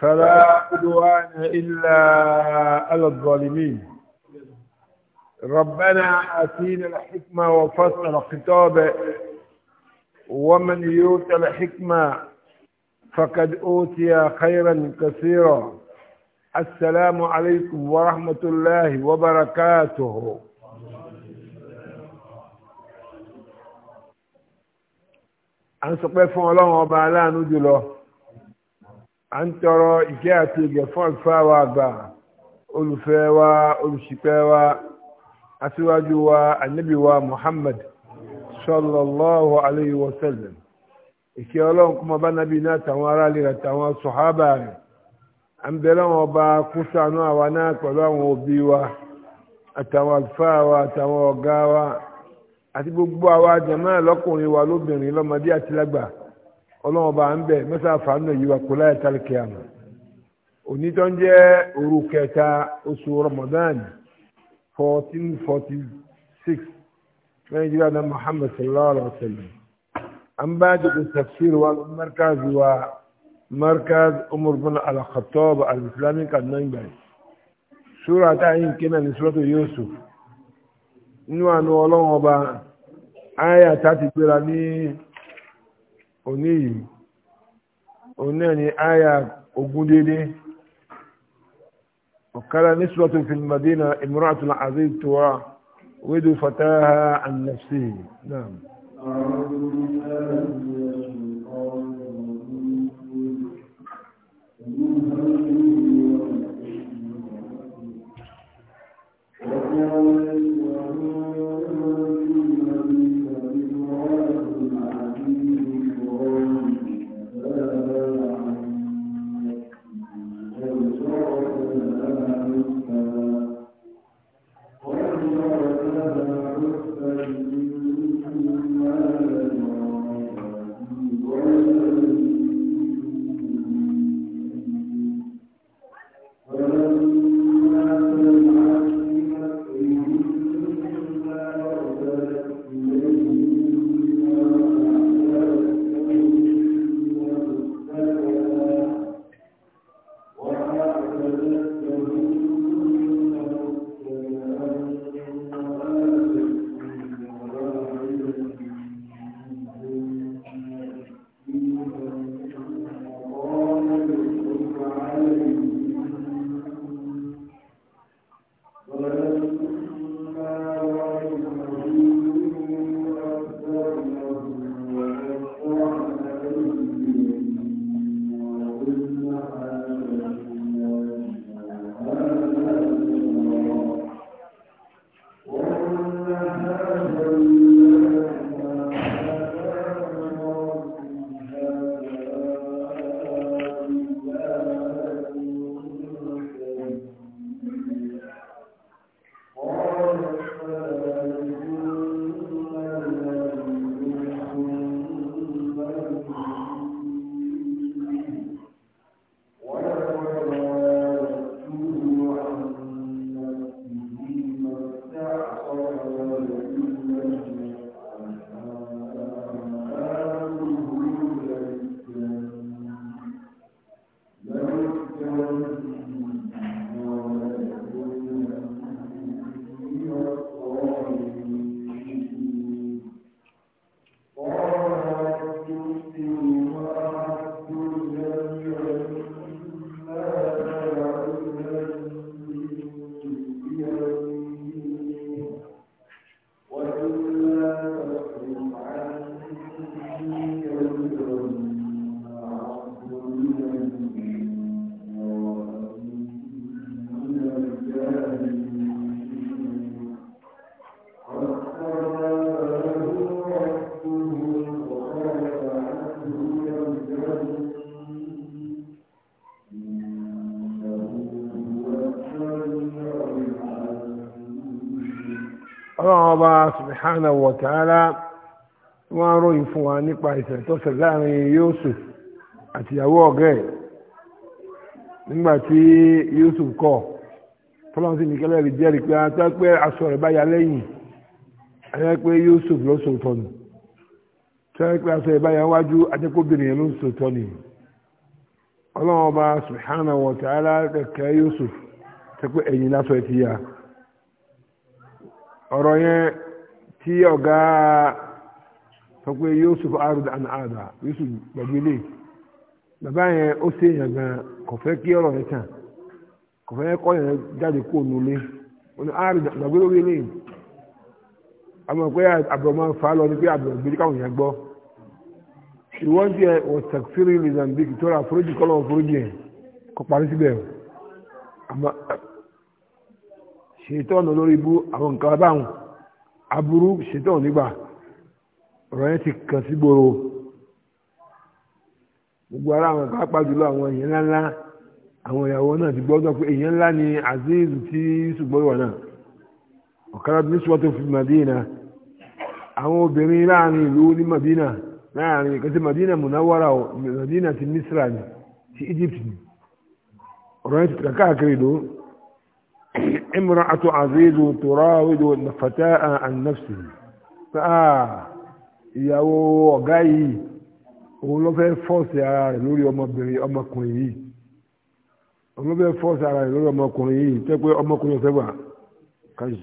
فلا عدوان إلا على الظالمين ربنا آتينا الحكمة وفصل الخطاب ومن يؤت الحكمة فقد أوتي خيرا كثيرا السلام عليكم ورحمة الله وبركاته à ń sọ pé fún à ń tọrọ ìkẹ́ àti ìgẹ̀ fún àlùfáà wa àgbà olùfẹ́ wa olùṣìpẹ̀ wa aṣíwájú wa ànábì wa Muhammad sallallahu alayhi wa sallam ìkẹ́ ọlọ́run kó máa bá nábì náà tàwọn aráàlú rẹ̀ tàwọn sọ̀hábà rẹ̀ à ń bẹ̀rẹ̀ wọn ọba kún ṣàánú àwa náà pẹ̀lú àwọn òbí wa àtàwọn àlùfáà wa àtàwọn ọ̀gá wa àti gbogbo àwa jàmáà lọ́kùnrin wa lóbìnrin lọ́mọdé àti lágbàá ọlọ́wọ́n bá ń bẹ̀ mẹ́sà fàánù yìí wà kó láyé tálíkì àmà onítọ́ ń jẹ́ òru kẹta oṣù Ramadan fourteen forty six nàìjíríà náà Muhammad sallallahu alaihi wa sallam an bá dùkú tafsir wa markaz wa markaz umar bin al-khattab al-islami kan nan gbàyè sura ta yin kina ni suratu yusuf nínú àná ọlọ́wọ́n aya ta gbéra ní òní yìí òun náà ni aya ogún dédé ọ̀kára ní sùlọ́tù fil madina imra'atu al-aziz tuwa wíìdù fataha náà. subhanahu wa ta'ala wọ́n á ròyìn fún wa nípa ìṣẹ̀lẹ̀ tó láàrin Yusuf àtìyàwó ọ̀gẹ́ ẹ̀ Yusuf kọ̀ fọlọ́n ní kẹ́lẹ́ rí jẹ́rìí pé pé ya lẹ́yìn ayẹ́ pé Yusuf ló sòótọ́ nù tẹ́lẹ̀ pé aṣọ rẹ̀ ya wájú ló sòótọ́ nì ọlọ́run ọba subhanahu wa ta'ala Yusuf ẹ̀yìn tí ọ̀gá sọ pé Yusuf arud ada Yusuf gbàgbélé bàbá yẹn ó ṣe èèyàn gan kò fẹ́ kí ọ̀rọ̀ yẹn tàn kò fẹ́ kọ́ yẹn jáde kó nulẹ̀ ó ní arud gbàgbélé wí lé àmọ́ pé àbúrò máa ń fa lọ ní pé káwọn yẹn gbọ́ ìwọ́n tó ra aburú ṣetán nígbà ọ̀rọ̀ yẹn ti kàn sí gbòòrò gbogbo ara àwọn pàápàá jùlọ àwọn èèyàn ńláńlá àwọn ìyàwó náà ti gbọ́dọ̀ pé èèyàn ńlá ni azeez tí ṣùgbọ́n wà náà ọ̀kadà ní sọ́tò fi Madina àwọn obìnrin láàrin ìlú ní Madina láàrin ìkẹsí Madina munawara Madina ti Misra ni ti Egypt ni ọ̀rọ̀ yẹn ti kàkàkiri lóò. امرأة عزيز تراود فتاة عن نفسه فآه ìyàwó ọ̀gá yìí òun ló fẹ́ fọ́ọ̀sì ara rẹ̀ lórí ọmọbìnrin ọmọkùnrin yìí òun ló fẹ́ fọ́ọ̀sì ara rẹ̀ lórí ọmọkùnrin yìí tẹ́ pé ọmọkùnrin ọ̀fẹ́ wà káyì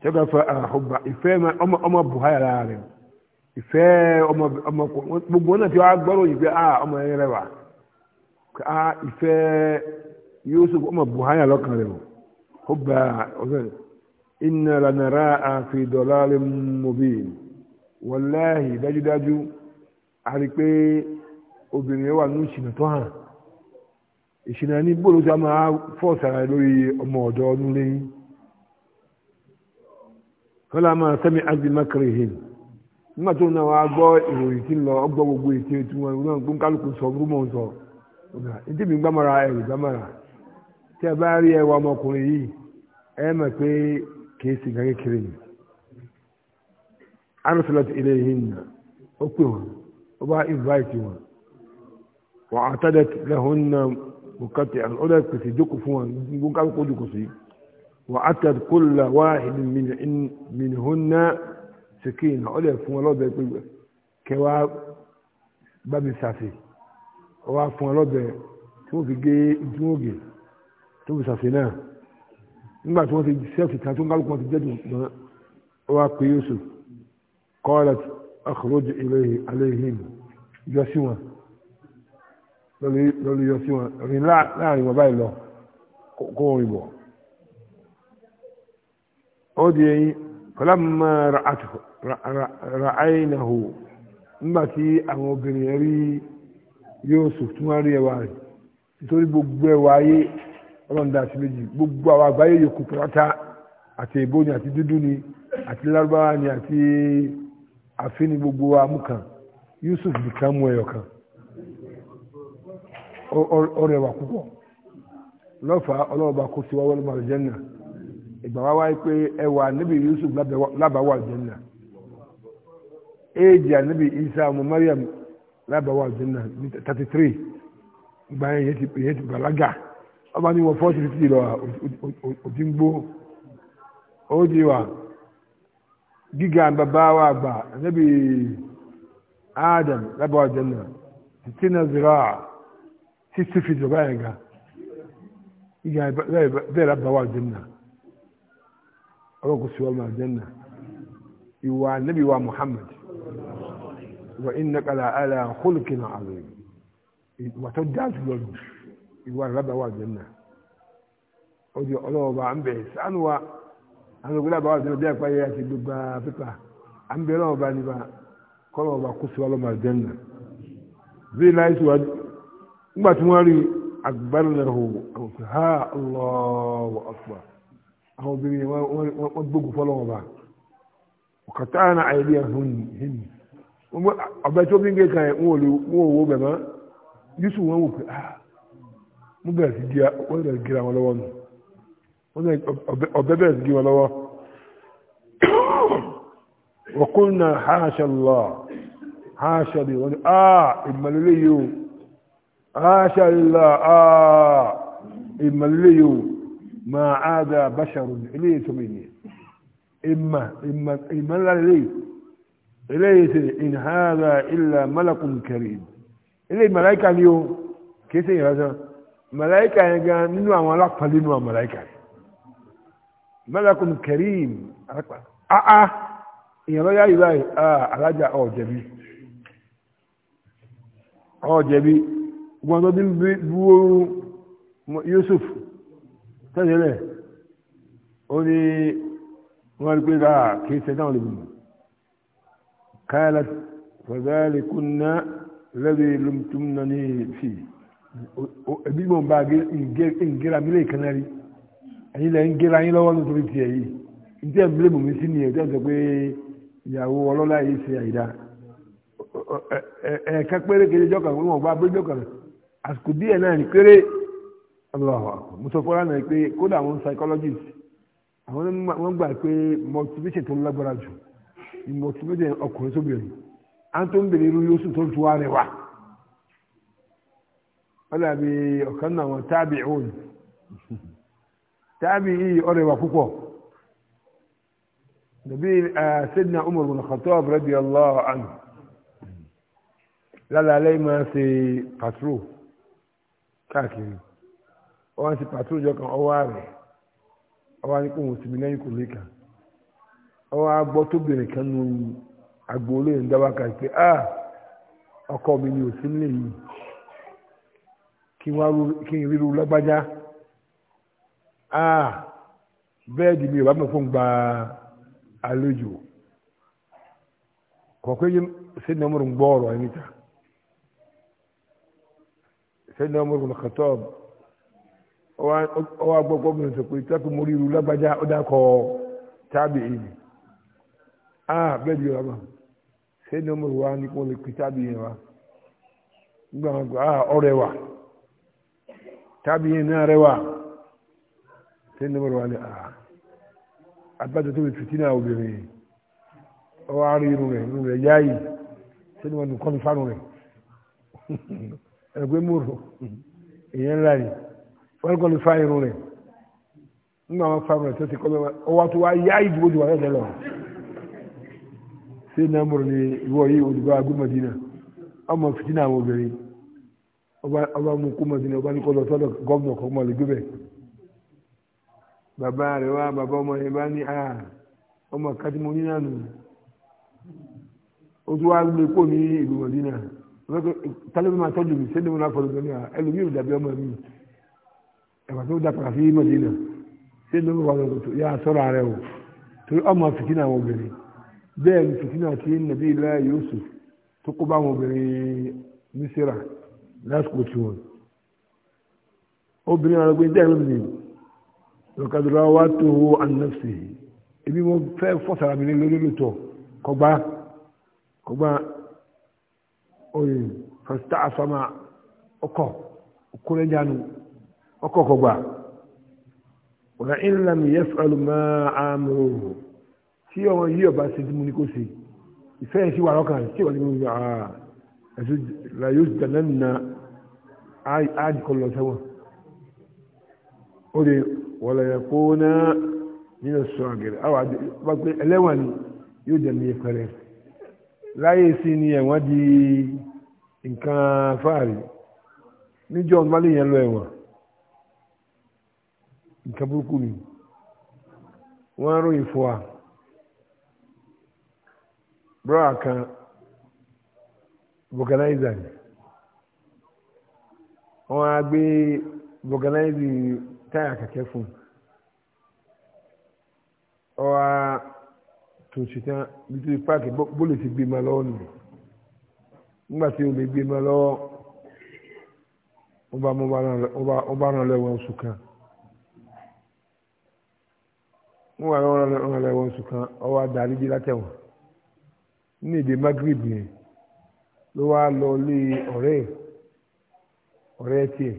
tẹ́ka buhari gbogbo a ah, ọmọ yẹn rẹwà a ah, ìfẹ́ Yusuf ọmọ buhari o. حبا إنا لنراء في ضلال مبين والله داجو داجو obìnrin wà ní hàn ìṣìnà ní bóòlù tó máa fọ́ọ̀sára ọmọ ọ̀dọ́ ọdún lẹ́yìn kọ́lá máa sẹ́mi azimakrihim nígbà tó náà wàá gbọ́ ìròyìn tí ń lọ ọgbọ́ gbogbo ètò ètò ẹ mọ̀ pé kìí sì gàgé kiri ni arsalat ilayhinna ó pè wọn ó bá invite wọn wà á tẹ́lẹ̀ lahunna bùkátì ó dẹ̀ pèsè jókòó fún wọn gbogbo kálukú jókòó sí wà á tẹ́lẹ̀ kulla wahidin minhunna sikina ó dẹ̀ fún wọn lọ́dọ̀ pé kẹwàá bá mi sàfihàn ó fún wọn lọ́dọ̀ tí wọ́n fi gé tí wọ́n tó fi sàfihàn náà nígbà tí wọ́n ti sẹ́ẹ̀fì kan tó ń kálukú wọn ti jẹ́dùn náà ó wá pe Yusuf qalat akhruj alayhim yọ sí wọn lọ́lọ́ yọ sí wọn rìn láàrin wọn báyìí lọ kó wọn rìn bọ̀ ó di eyín kọlámà ra'aynahu nígbà tí àwọn obìnrin rí Yusuf tí wọ́n rí ẹwà rẹ̀ nítorí gbogbo ẹwà ayé ọlọ́run dá sí méjì gbogbo àwọn àgbáyé yòókù pátá àti èbó ni àti dúdú ni àti lárúbáwá ni àti àfínì gbogbo amúkan Yusuf nìkan mú ẹyọ kan ọrẹwà púpọ̀ lọ́fà ọlọ́ọ̀bá kó sí wáwọ́ lọ́mọ àlùjẹ́nà ìgbà wá wáyé pé ẹwà níbi Yusuf lábàáwá àlùjẹ́nà éèjì àníbi Isa ọmọ Mariam lábàáwá àlùjẹ́nà ní thirty three ìgbà yẹn yẹn ti bàlágà ọba ní wọ fọ́ọ̀tì fífi lọ òtí ń gbó ó di wa gíga bàbá wa àgbà níbi Adam lábẹ́ ọ̀jẹ̀ náà títí náà zira títí fi jọba yẹn ga gíga bẹ́ẹ̀ lábẹ́ ọ̀jẹ̀ náà ọlọ́kùn sí ọmọ ọ̀jẹ̀ ìwà níbi wa Muhammad wa inna kala ala kólùkì náà àlè ìwà tó ìwà rábà wà jẹ́nà ó di ọlọ́ọ̀bà à ń bẹ̀ sánú wa àwọn ògbé rábà wà jẹ́nà bí àpá yẹ àti gbogbo pépà à ń bẹ̀ ọlọ́ọ̀bà nípa kọ́lọ́ọ̀bà kó síwá lọ́mà jẹ́nà bí láì síwá nígbà tí wọ́n rí agbálẹ̀hù àwòkè ha Allahu akbar àwọn kan ah wọ́n bẹ̀rẹ̀ sí gíra wọ́n bẹ̀rẹ̀ gíra wọn lọ́wọ́ nù wọ́n bẹ̀rẹ̀ ọ̀bẹ bẹ̀rẹ̀ sí gíra wọn lọ́wọ́ wa qulna haṣa Allah haṣa lè wọ́n ni a ìmọ̀lélé yìí o haṣa Allah a ìmọ̀lélé yìí o ma ada basharun eléyìí tó mi ní ìmọ̀ ìmọ̀lá eléyìí eléyìí tẹ in hada illa malakun karim eléyìí màláìka ni o kìí sẹ́yìn rásán màláìkà yẹn gan nínú àwọn alápàlẹ́ nínú àwọn màláìkà yẹn malakun kareem alápà áá ah, ah, èèyàn lọ́yà yìí báyìí ah, alájà ọ̀ jẹ̀bi ọ̀ jẹ̀bi gbọ́n tó dín bú Yusuf tẹ́lẹ̀ ó ní wọ́n rí pé báà kì í sẹ́dáwọn lè bùnú káyàlá fọ̀dá lè kúnná lẹ́bi lùmtúmnà ní fìyì ẹbí mọ̀ bá ìgéra mílẹ̀ kanárí ẹ̀yin lẹ́yìn gẹ́ra yín lọ́wọ́ nítorí tiẹ̀ yìí ní tí ẹ̀ mílẹ̀ bùnmi sí nìyẹn tí ẹ̀ sọ pé ìyàwó ọlọ́lá yìí ṣe àyídá ẹ̀ẹ̀ka péré kejì jọ́kàn wọn bá bẹ́ẹ̀ jọ́kàn àsìkò díẹ̀ náà ní péré ọlọ́wọ́ mùsọ̀fọ́lá náà psychologist wọn motivation tó motivation ọkùnrin ń irú yóò sùn tó wọ́n dàbí ọ̀kan náà wọn tábì òun tábì yìí ọ̀rẹ́ wa púpọ̀ nàbí sẹ́dínà Umar bin Khattab radiyallahu anhu lálàálẹ́ máa ṣe pàtrò káàkiri ọwọ́n ṣe pàtrò jọ kan ọwọ́ rẹ̀ ọwọ́ ní kò wọ́n sinmi lẹ́yìn kò léka ọwọ́ agbọ́ tó bèrè kan nu agboolé ń dáwà kan ah, ọkọ mi ni ò sí nílé yìí kí n ríru lágbájá ah bẹ́ẹ̀dì mi ò bá mọ̀ fún gba àlejò kọ̀ọ̀kọ́ yìí sẹ́ni ọmọ rẹ̀ ń gbọ́ ọ̀rọ̀ ẹni ta sẹ́ni ọmọ rẹ̀ ń kàtọ́ ọ wá gbọ́ gómìnà sọ pé tẹ́kù mo ríru lágbájá ó dákọ̀ tábì èyí ah bẹ́ẹ̀dì ò bá mọ̀ sẹ́ni ọmọ rẹ̀ wá ní kí wọ́n lè pè tábì yẹn wá nígbà wọn gbọ́ ah ọ̀rẹ́ wa tábí iná rẹwà tí ní mọ̀rọ̀ wálé àà àgbàjọ tó bí fìtínà obìnrin ọwọ́ àárí irun rẹ̀ irun rẹ̀ yáyì tí ní wọn kọ́ni fánù rẹ̀ ẹgbẹ́ mòrò èèyàn ńlá ni wọn kọ́ni fá irun rẹ̀ nígbà wọn fánù rẹ̀ tó ti kọ́ bẹ́ẹ̀ ọwọ́ tó wá yáyì dúró ju wàhálà lọ sí ní mọ̀rọ̀ ni ìwọ yìí olùgbà agbẹ́mọ̀dínà ọmọ fìtínà obìnrin. ọba mú kú mọ̀sí ni ọba ní kọ́ sọ́dọ̀ gọ́ọ̀nà kọ́ mọ̀ lè bàbá rẹ̀ wá bàbá ọmọ yẹn bá ní àá ọmọ mo ní ó tún wá ní ìlú mọ̀dínà tálẹ́bí máa tọ́jú mi sẹ́ni mo náà o torí ọmọ fìtínà àwọn obìnrin bẹ́ẹ̀ ni fìtínà ti nàbí lásìkò tí wọn obìnrin àwọn ọgbẹ́ dẹ́rù ni lọ́kàdúrà wá tó owó anẹ́sì ibi mo fẹ́ fọ́sára mi lórí lótọ́ kọgbá kọgbá oye fọ́sítà àfàmà ọkọ̀ kúrẹ́jánu ọkọ̀ kọgbá ọ̀nà ìlànà yẹ fẹ́lú máa àmúrò tí ọmọ yìí ọba ṣe tí mo ní kó ṣe ìfẹ́ yẹn sí wà lọ́kàn tí wà ní mo yà á ẹ̀sùn la yóò jẹ́ náà áàdì kọ́ lọ sẹ́wọ̀n ó lè wọ̀lẹ̀ kó náà nínú sọ àgẹ̀rẹ̀ àwọn àdé bá pé ẹlẹ́wọ̀n ni yóò jẹ́ mi pẹ̀rẹ̀ láyé sí ni ẹ̀wọ̀n di nǹkan fáàrí níjọ́ ọ̀nà lè yẹn lọ ẹ̀wọ̀n nǹkan burúkú ni wọ́n ròyìn fún wa bọ́ra kan vulcanizer ni wọ́n á gbé vulcanize táyà kẹ̀kẹ́ fún ọ wá tó ṣetán nítorí páàkì bólè ti gbé ma lọ́wọ́ nù nígbà tí o lè gbé ma lọ́wọ́ wọ́n bá mú wọn lẹ́wọ̀n oṣù kan wọ́n wà lọ́wọ́ lẹ́wọ̀n oṣù kan ọwọ́ adarí jí látẹ̀wọ̀n ní èdè Maghrib yẹn ló wá lọ lé ọ̀rẹ́ yìí ọ̀rẹ́ tiẹ̀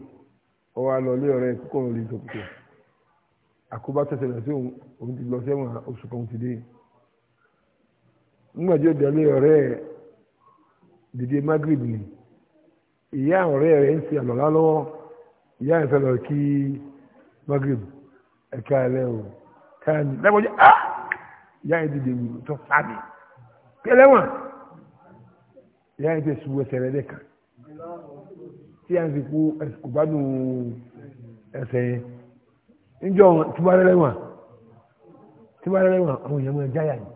ọ wa lọ lé ọ̀rẹ́ kó òun lè dọ̀kítọ̀ àkóbá tẹ̀sẹ̀ lọ sí òun ti lọ sẹ́wọ̀n oṣù kan ti dé nígbà tí ọ̀rẹ́ dìde magrib ni ìyá ọ̀rẹ́ rẹ̀ ń ṣe àlọ́lá lọ́wọ́ ìyá ẹ̀ fẹ́ lọ kí magrib ẹ̀ka ẹ̀lẹ́ o káàní lẹ́wọ́n jẹ́ á ìyá ẹ̀ dìde mi tó sáàmì kẹlẹ́wọ̀n ìyá ẹ̀ tẹ̀ sùn ẹsẹ̀ rẹ̀ dẹ̀ tí a ń sìnkú kò gbádùn ẹsẹ̀ yẹn níjọ́ tìbárẹ́lẹ́wọ̀n tìbárẹ́lẹ́wọ̀n àwọn èèyàn máa jáyà yìí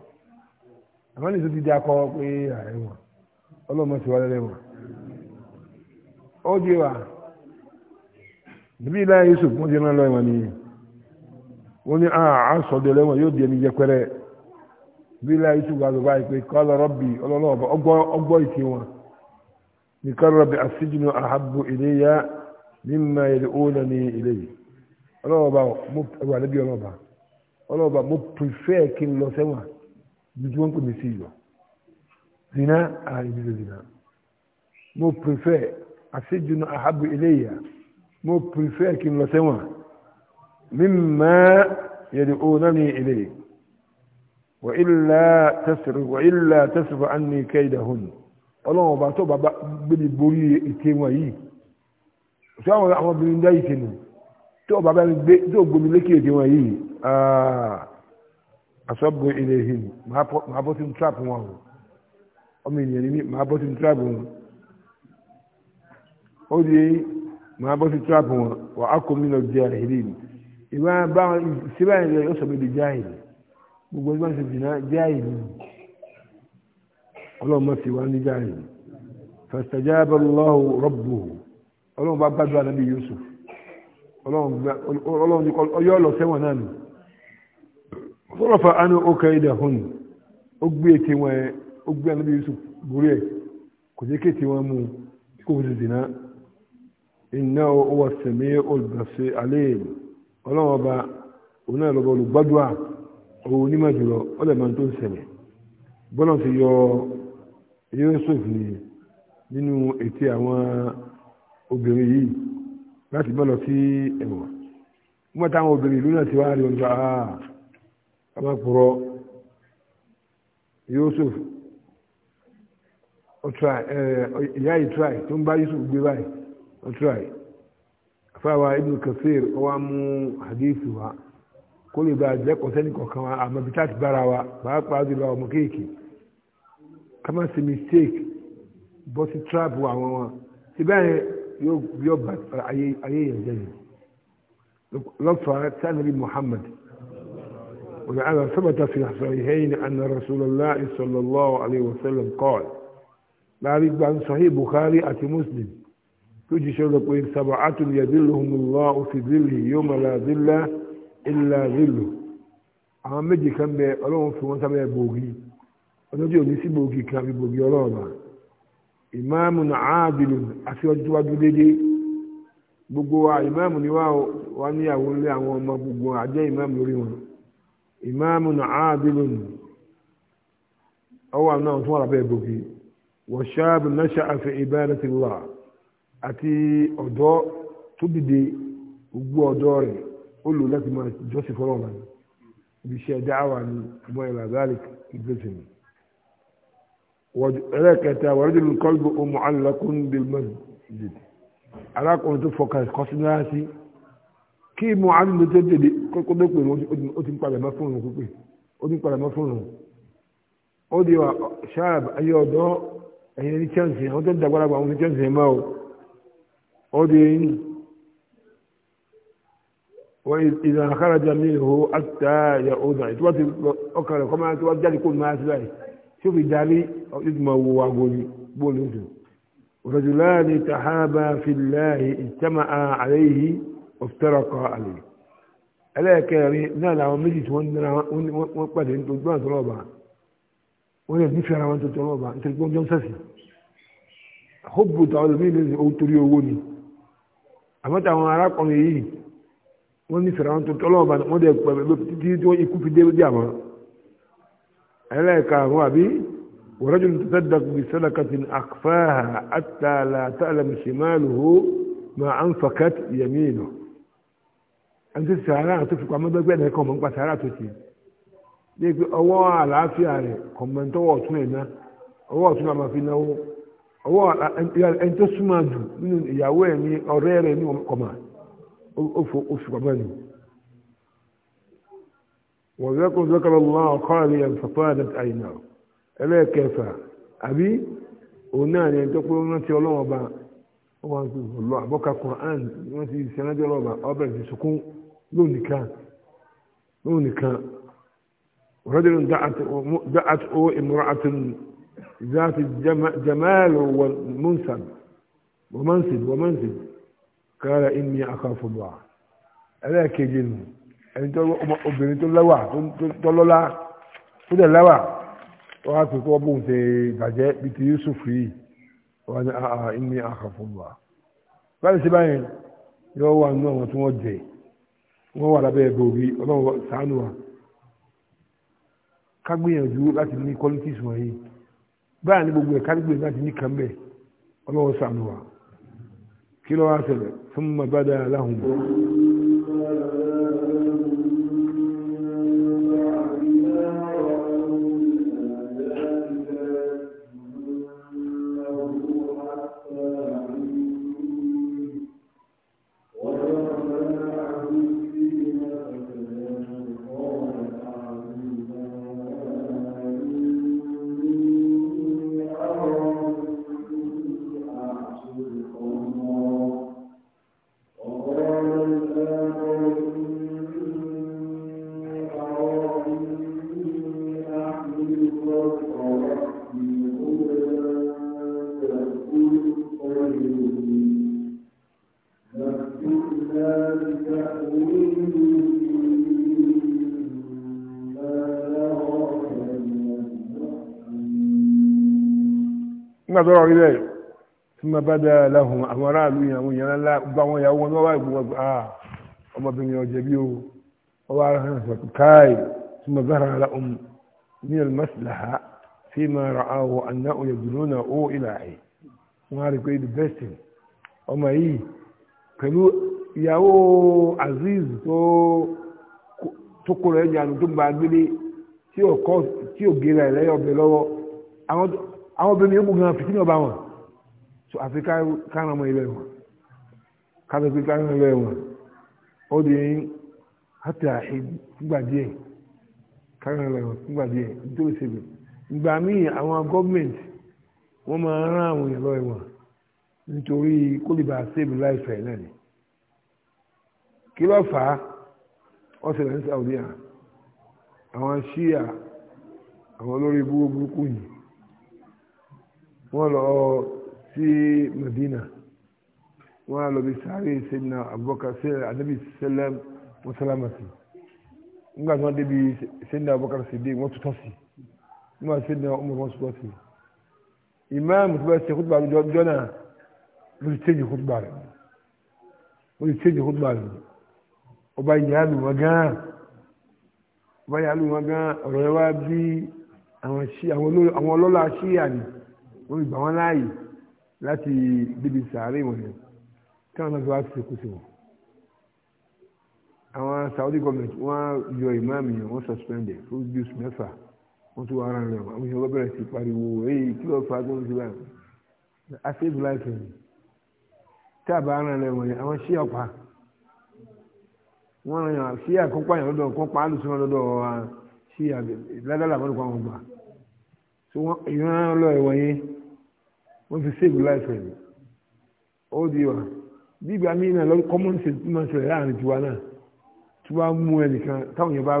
àmọ́ nìṣó ti di akọ pé àrẹ̀wọ̀n ọlọ́mọ tìbárẹ́lẹ́wọ̀n ó di wa níbí láyé Yusuf ti rán lọ ìwọ̀n nìyẹn wọ́n ní àásọ̀dẹ̀lẹ́wọ̀n yóò di ẹni Yusuf wà kọ́ ọgbọ́ ìtì wọn. nìkanra السجن أحب ahabu مما mímà إليه. òòlà ní iléyì ọlọ́wọ́ba mo wà níbi ọlọ́wọ́ba ọlọ́wọ́ba mo prefer kí n lọ sẹ́wọ̀n ju tí wọ́n pè mí sí ìlọ zina àìní lè zina mo prefer asijinu ahabu iléyà mo prefer kí n lọ sẹ́wọ̀n mímà yẹlẹ òòlà ní iléyì wa illa tasrif wa illa tasrif anni kaydahun ọlọ́run ọba tó bàbá gbèdè borí ète wọn yìí tí àwọn àwọn obìnrin dá ìtẹ̀ nù tó bàbá mi gbé tó gbomi lékè ète wọn yìí asọ́bù ah, ilé hin màá bọ́ sínú trap wọn o ọmọ ènìyàn ní màá bọ́ sínú trap wọn ó di màá bọ́ sínú trap wọn wà á kó mi lọ jẹ àhìrì ìwà báwọn ìsíbáyìí lọ yóò sọ mi di jáhìrì gbogbo ìgbà tó ti dì náà jáhìrì ọlọ́mọ sì wá ní járe fastajaba Allahu rabbuhu ọlọ́run bá gbàdúrà nàbí Yusuf ọlọ́run ní ọyọ́ ọlọ́ sẹ́wọ̀n náà nù sọ́rọ̀fà ánú ọkọ̀ ìdà hùn ó gbé ètè wọn ẹ ó gbé ànábì Yusuf borí ẹ kò jẹ́ kéètè wọn mú kó o sì dìnnà iná owó sẹ̀mí olùdásẹ́ alẹ́ ọlọ́run ọba òun náà lọ́bọ̀ olùgbàdúrà òun onímọ̀ jùlọ ọlọ́run tó ń ṣẹlẹ̀ bọ́lá ti yọ Yusuf ni nínú eti àwọn obìnrin yìí láti bọ́ lọ sí ẹ̀wọ̀n nígbà táwọn obìnrin ìlú náà ti wá rí wọn gba àwọn àpòrọ Yusuf eh, ìyá yìí try tó ń bá Yusuf gbé báyìí ó tíráì afáwa Ibn Kathir ọwọ́ mú hadithi wa kó lè bá a jẹ́ kọ̀ọ̀kan ká má ṣe mistake bọ́ sí trap àwọn wọn síbẹ̀ yóò yóò bá ayé yẹn jẹ́ yìí lọ́fà sanabi muhammad ولعلى ثبت في الصحيحين أن رسول الله صلى الله عليه وسلم قال لا ريب عن صحيح بخاري أتي مسلم تجي شغل سبعة يذلهم الله في ذله يوم لا ذل إلا ذله àwọn méjì kan bẹ ọlọ́run fi wọ́n sábẹ́ bòógì ọjọ́ tí òní sí gbòógì kan àbí gbòógì ọlọ́ọ̀bà ìmáàmù àádìlù àti ọjọ́ tó bá déédéé gbogbo wa ìmáàmù ni wá àwọn ọmọ gbogbo àjẹ́ ìmáàmù lórí wọn ìmáàmù àádìlù ọwọ́ àwọn náà wà lábẹ́ gbòógì wọ́n ṣáàbù náà ṣàfẹ́ ibadatillah àti ọ̀dọ́ tó dìde gbogbo ọ̀dọ́ rẹ̀ ó lò láti máa jọ́sìn fọlọ́ọ̀bà ibi iṣẹ́ dáhàwá ni ìmọ̀ ìlà zalik ìgbésẹ̀ ẹlẹ́kẹta wàrúdìlú kọ́lbù ọmọ alákùn bilmasjid alákùnrin tó fọkà kọ́sínláàsì kí mọ àdúgbò tó dèdè kókó tó pè ó ti ń padà mọ́ fóònù pípé ó ti ń padà mọ́ fóònù ó di wa ṣáàb ayé ọ̀dọ́ ẹ̀yìn ní chẹ́ǹsì àwọn tó ń dàgbàlagbà àwọn ní chẹ́ǹsì mọ́ o ó di eyín wọ́n ìlànà kára jamiu àtàyà ọ̀dà ìtúwàtí ọkàn rẹ̀ tí ó fi darí ìdìmọ̀ wo aago ni bóòlù ń dùn. rajulani tahaba fillahi ijtama'a alayhi waftaraqa alayhi. ẹlẹ́ẹ̀kẹrin náà làwọn méjì tí wọ́n pàdé nítorí gbọ́n àtọ́rọ̀ ọba wọ́n yẹ nífẹ̀ẹ́ ara wọn tó tọrọ ọba nítorí gbọ́n jọ́n sẹ́sì. àkóbò táwọn ẹlòmíì lè torí owó ni àmọ́ táwọn arákùnrin yìí wọ́n nífẹ̀ẹ́ ara wọn tó tọrọ ọba wọ́n dẹ̀ pẹ̀lú títí tí wọ́n ikú fi dé dé àwọn ẹlẹ́ẹ̀karùn-ún àbí wọ́rọ́jù tasaddaqu bi sadaqatin akfaha hatta la ta'lamu shimaluhu ma anfaqat yaminuhu ẹni tó sàárà tó fi pamọ́ gbẹ́gbẹ́ náà kọ́ mọ́ nípa sàárà tó ti bí pé ọwọ́ àlàáfíà rẹ̀ kọ̀mọ̀ntọ́wọ́ ọ̀tún ẹ̀ ná ọwọ́ ọ̀tún ìyàwó ẹ̀ ọ̀rẹ́ rẹ̀ ní kọ̀mà ó fi pamọ́ nù. وذكر ذكر الله خاليا فطالت عيناه الا كيف ابي ona ni ẹni tó pé wọn ti ọlọ́wọ́n ba wọn ti lọ àbọ́ka quran wọn ti sẹ́nájọ́ ọlọ́ba ọbẹ̀ ti sunkún lóun nìkan lóun nìkan rọ́dìrín dáàt ó imra'atun zaati jamal wa munsab wa mansib wa mansib kára inni akhafu Allah ẹlẹ́ẹ̀kejì nù ẹni tó obìnrin tó lẹ́wà tó lọ́lá tó dẹ̀ lẹ́wà wọ́n á pè kó wọ́n bóun ṣe bàjẹ́ bíi ti Yusuf yìí wọ́n á ní àhà ìní àhà fún wa. báyìí ṣe báyìí yóò wà nínú àwọn tí wọ́n jẹ wọ́n wà lábẹ́ bòbí ọlọ́run ṣàánú wa ká gbìyànjú láti ní qualities wọ̀nyí báyìí ní gbogbo ẹ̀ ká gbìyànjú láti ní kàn ọlọ́run ṣàánú wa kí ló wá ṣẹlẹ̀ fún mọ̀ bá dára láhùn. bẹ́rọ̀ rí bẹ́ẹ̀ tí ma bá dá láhùn àwọn aráàlú yẹn àwọn èèyàn ńlá gba àwọn ìyàwó wọn wá ìgbìmọ̀ gbà á ah, ọmọbìnrin ọ̀jẹ̀ bí o ọwọ́ ara hàn sọ káì tí ma bára ara ọmọ ní almaslaha fi ma ra àwọ̀ àná òyà dùnú na ó ìlàhì wọn á rí pé the best thing ọmọ yìí pẹ̀lú ìyàwó aziz tó tó kó rẹ̀ jànú tó gba tí ò gé rẹ̀ lẹ́yọ̀ ọbẹ̀ lọ́wọ́ àwọn àwọn obìnrin yóò mú gan fìtí ní ọba wọn so àfi kára ọmọ ilé wọn kára pé kára ọmọ ilé wọn ó di hàtà ìgbà díẹ̀ kára ọmọ ilé wọn ìgbà díẹ̀ nítorí ṣègbè ìgbà míì àwọn gọ́ọ̀mẹ̀ntì wọ́n máa rán àwọn èèyàn lọ ẹ̀wọ̀n nítorí kólíbà sèbù láìfẹ̀ náà ni kí ló fà á wọ́n ṣẹlẹ̀ ní àwọn ṣíà àwọn olórí burúkú yìí wọ́n lọ sí Madina wọ́n lọ bí sáré sẹ́dínà Abubakar sẹ́dínà anabi sẹ́lẹ̀m mọ́sálámàsì nígbà tí wọ́n débi sẹ́dínà Abubakar sèdè wọ́n tutọ́ sí nígbà sẹ́dínà ọmọ wọn tutọ́ sí ìmáàmù tó bá ṣe kútùbà lójọ́ náà ló ti tẹ́jú kútùbà rẹ̀ ó ti tẹ́jú kútùbà rẹ̀ ọba ìyáàlú wọn gán ọba ìyáàlú wọn gán ọ̀rọ̀ yẹn wá bí àwọn ọlọ́lá ṣíyà ni wọ́n gbà wọ́n láàyè láti débi sàárè wọn yẹn káwọn náà fi wá ṣe kùsì wọn. àwọn Saudi government wọ́n yọ ìmáàmù yẹn wọ́n suspend ẹ̀ fún bíus mẹ́fà wọ́n tún wàá rán rẹ̀ wọ́n àwọn ìṣòro bẹ̀rẹ̀ sí pariwo èyí kí lọ́ọ́ fà gbọ́n sí báyìí a save life ẹ̀ tí a bá rán rẹ̀ wọ̀nyẹn àwọn ṣí ọ̀pá wọ́n rán yàn ṣí àkọ́pá yàn lọ́dọ̀ kọ́pá alùsùn lọ́dọ̀ ṣí àgbẹ̀ ládàlà mọ́nù kan wọn gbà so wọ́n ìran lọ ẹ̀wọ̀n yẹn wọ́n fi save life ẹ̀ ó di wa bí ìgbà míì náà lọ́dún common sense máa ń ṣẹlẹ̀ láàrin tiwa náà tí wọ́n á mú ẹnìkan táwọn yẹn bá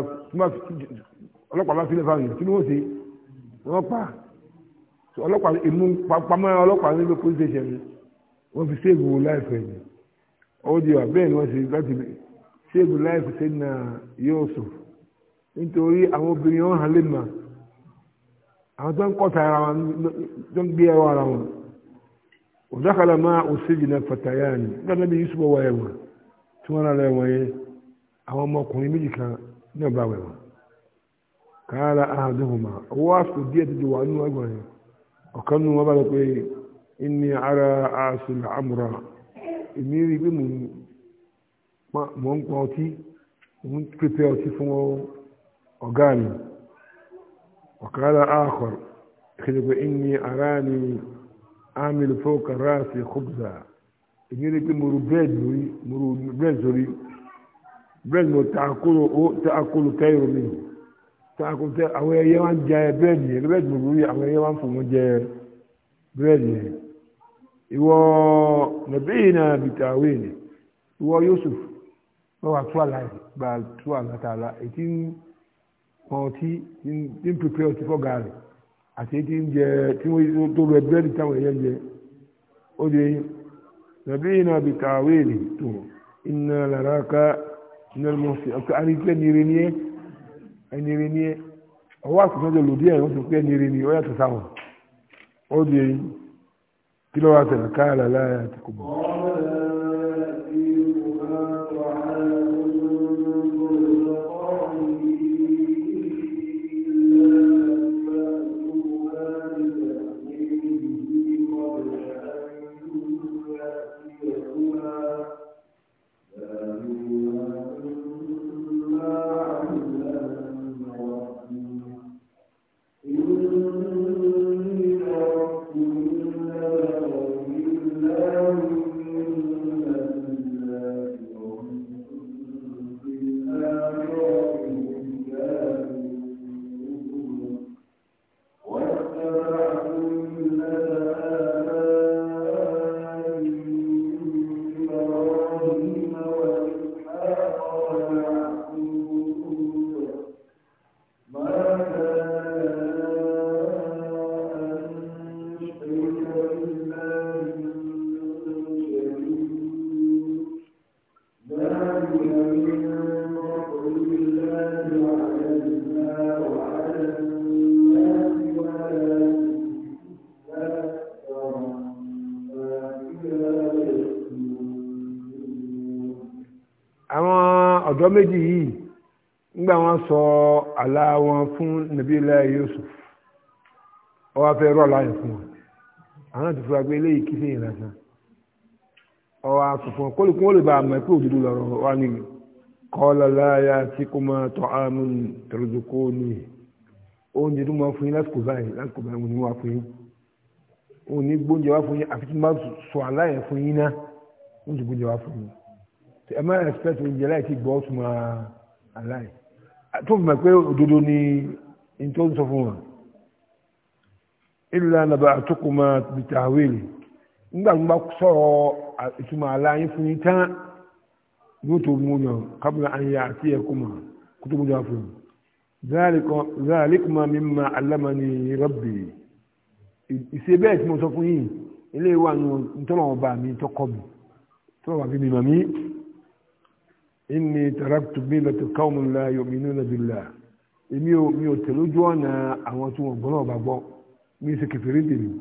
ọlọ́pàá bá sílẹ̀ fáwọn yẹn kí ni wọ́n ṣe wọ́n pa ọlọ́pàá ìmú pamọ́ ọlọ́pàá nílé police station wọ́n fi save life ẹ̀ ó di wa bẹ́ẹ̀ ni wọ́n ṣe láti save life ṣe na Yusuf nítorí àwọn obìnrin wọn hàn lè mà àwọn tó ń kọ́ ta ara wọn tó ń gbé ẹwà ara wọn. ودخل معه السجن الفتيان النبي يوسف ويما ثم لا وي او ما كوني ميجيكا نبا ويما أحدهما احدهما واسط ديت جوانو اغوي وكانوا ما بالك اني ارى عاصي الامر اني بي ما مو نقوتي مو كتي اوتي فمو اوغاني وقال اخر خذ إني أراني amil fowka raasi khubza èmi rí i pé mo ru bread lórí mo ru bread sórí bread mo taakulu o taakulu kẹrù mi taakulu kẹrù àwọn ẹyẹ wa ń jẹ bread yẹn bread mo ru àwọn ẹyẹ wa mo jẹ bread yẹn ìwọ nàbẹ́yìnà bìtàwé ni ìwọ Yusuf wọ́n wà tó àlá gba tó àlá tààlà ètí ń pọ̀ ọtí ń pèpè ọtí fọ́ gaari àti tí ń jẹ tí wọ́n tó rẹ búrẹ́dì táwọn èèyàn jẹ ó di nàbí iná bí tàwéèlì tó iná lára ká iná lọ sí ọkọ àríkẹ́ nire ní ẹ ẹnire ní ẹ ọwọ́ àkùnfẹ́ tó lòdì ẹ̀ wọ́n sọ pé ẹnire ní ọ yàtọ̀ sáwọn ó di kí lọ́wọ́ àtẹ̀lẹ̀ káàlà àti kò bọ̀. àwọn ọ̀dọ́ méjì yìí ńgbà wọ́n sọ àlá wọn fún nàbílẹ̀ Yusuf ó wá fẹ́ rọ́ láyé fún wọn àwọn àti fúra pé eléyìí kí sí ìrìnàjò ọwọ́ asòfin kólùkún ó lè bá àmọ́ ẹ̀kú òdodo lọ́rọ̀ wá ní kọ́lọ́láyà tí kò máa tọ́ àmú tẹ̀rọ̀dọ̀kọ́ ni oúnjẹ tó máa fún yín lásìkò báyìí lásìkò báyìí wọn ni wọ́n á fún yín wọn ní gbóúnjẹ wá fún yín àfi tí wọ́n bá sọ aláyẹ̀ fún yín náà wọ́n ti gbóúnjẹ wá fún yín ẹ má expect oúnjẹ láì tí gbọ́ tó máa aláì tó fi mọ̀ pé òdodo ni ní tó ń sọ fún wọn ìlú lánàbà àtúkùmá bìtàwéèlì nígbà tó bá sọ̀rọ̀ ìtumọ̀ aláyé fún yín tán yóò tó mú yàn kábùlà àyà àti ẹ̀kọ́ mọ̀ kó tó mú yàn fún un. zalikuma mimma alamani rabbi ìṣe bẹ́ẹ̀ tí mo sọ fún yín ilé wa nù ntọ́nà ọba mi tọkọ mi tọ́nà ọba mi mọ̀ mí. inni taraktu millata qaumin la yu'minuna billah èmi ò mi ò tẹ̀lójú ọ̀nà àwọn tí wọ́n gbọ́n náà bá mi ṣe kẹfẹ́rẹ́ dèmi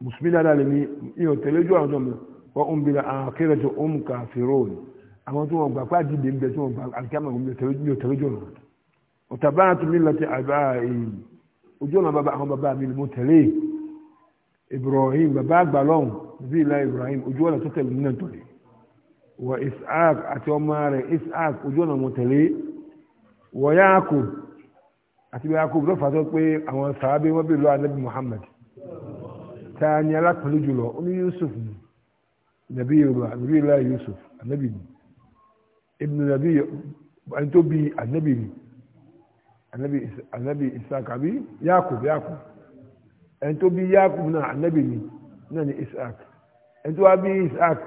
musulmi dáadáa lè ní ihò tẹ̀lẹ́jọ́ àwọn ọmọ wọn ń bèrè àkérè tó ń kà fèrè òní àwọn tó wọn gbà pé àdìdè ń bẹ tó wọn gbà àlùkàmà ń bẹ tẹ̀lẹ́jọ́ tẹ̀lẹ́jọ́ rẹ̀ ọ̀tàbára tó nílò ti àbá èyí ojú ọ̀nà bàbá àwọn bàbá mi mo tẹ̀lé ibrahim bàbá àgbà lọ́hùn bí ilá ibrahim ojú ọ̀nà tó tẹ̀lé nínú tọ̀lé wọ isaac àti ọmọ rẹ̀ isaac ojú ọ̀nà mo tẹ̀lé wọ yaakub àti yaakub lọ́fà sọ pé àwọn ta ni alápẹ̀lú jùlọ ó ní Yusuf ni nàbí yorùbá nàbí yorùbá Yusuf anabi ni ibnu nàbí ẹni tó bí anabi ni anabi Isaac àbí Yaakub Yaakub ẹni tó bí Yaakub náà anabi ni náà ni Isaac ẹni tó wá bí Isaac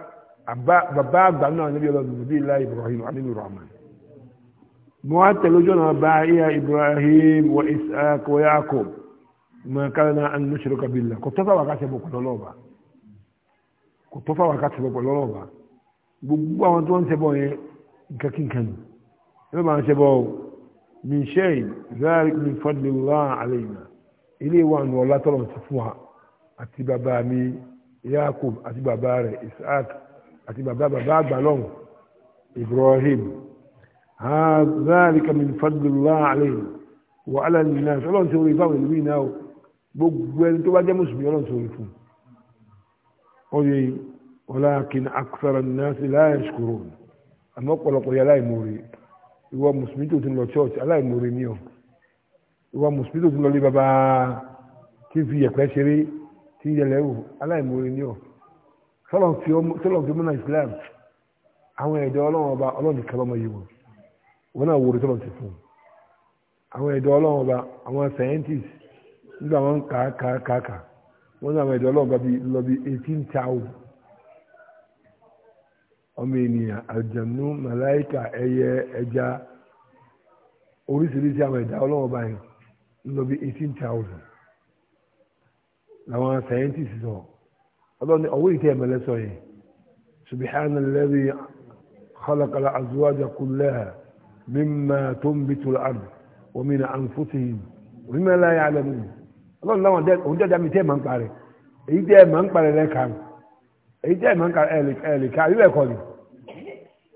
bàbá àgbà náà nàbí yorùbá nàbí yorùbá Ibrahim aminu rahman mo wá tẹ̀lé ọ̀nà bá iya Ibrahim wa Isaac wa Yaakub ma kana an nushrika billah kò tó fáwọn akásẹ̀ bọ̀ pẹ̀lú ọlọ́ọ̀bà kò tó fáwọn akásẹ̀ bọ̀ pẹ̀lú ọlọ́ọ̀bà gbogbo àwọn tó ń ṣẹbọ yẹn nkankan ni ẹ bá ń ṣẹbọ min shay zalik min fadlillah alayna ilé wa nù ọlá tọ́lọ̀ ti fún wa àti bàbá mi Yakub àti bàbá rẹ̀ Isaac àti bàbá bàbá àgbà Ibrahim ha zalika min fadlillah alayna wa ala an-nas ọlọ́run ti wọ́n gbogbo ẹni tó bá jẹ́ mùsùlùmí ọlọ́run sọ̀rọ̀ fún un ó yẹ walakin akthara an-nasi la yashkurun àmọ́ ọ̀pọ̀lọpọ̀ yẹ aláìmoore ìwọ mùsùlùmí tó ti lọ church aláìmoore ni ọ ìwọ mùsùlùmí tó ti lọ lé bàbá tí fi yẹ̀pẹ̀ ṣeré tí yẹlẹ̀ wò aláìmoore ni ọ sọlọ fi múna islam àwọn ẹ̀dọ́ ọlọ́run ọba ọlọ́run nìkan lọ́mọ yìí wọn wọn náà wòrò sọlọ ti fún àwọn ẹ̀dọ́ ọlọ́run ọba àwọn scientists nígbà wọn kà á kà á kà á kà wọn ní àwọn ẹ̀dọ́ ọlọ́run bá bi lọ bí eighteen thousand ọmọ ènìyàn àjẹmú màláìkà ẹyẹ ẹja oríṣiríṣi àwọn ẹ̀dá ọlọ́run bá yẹn lọ bí eighteen thousand làwọn scientists sọ ọlọ́run ọwọ́ ìtẹ́ ẹ̀mẹ́lẹ́ sọ yẹn subhana lẹ́rí kọ́lákàlà azúwájà kúlẹ́hà mímà tó ń bitú àrùn omi nà àǹfóṣe yìí láyé alẹ́ mi ọlọ́run láwọn òun jọjá mi tí ẹ̀ máa ń parẹ́ èyí tí ẹ̀ máa ń parẹ́ lẹ́ka mi èyí tí ẹ̀ máa ń parẹ́ ẹ̀ lè ka ilé ẹ̀kọ́ ni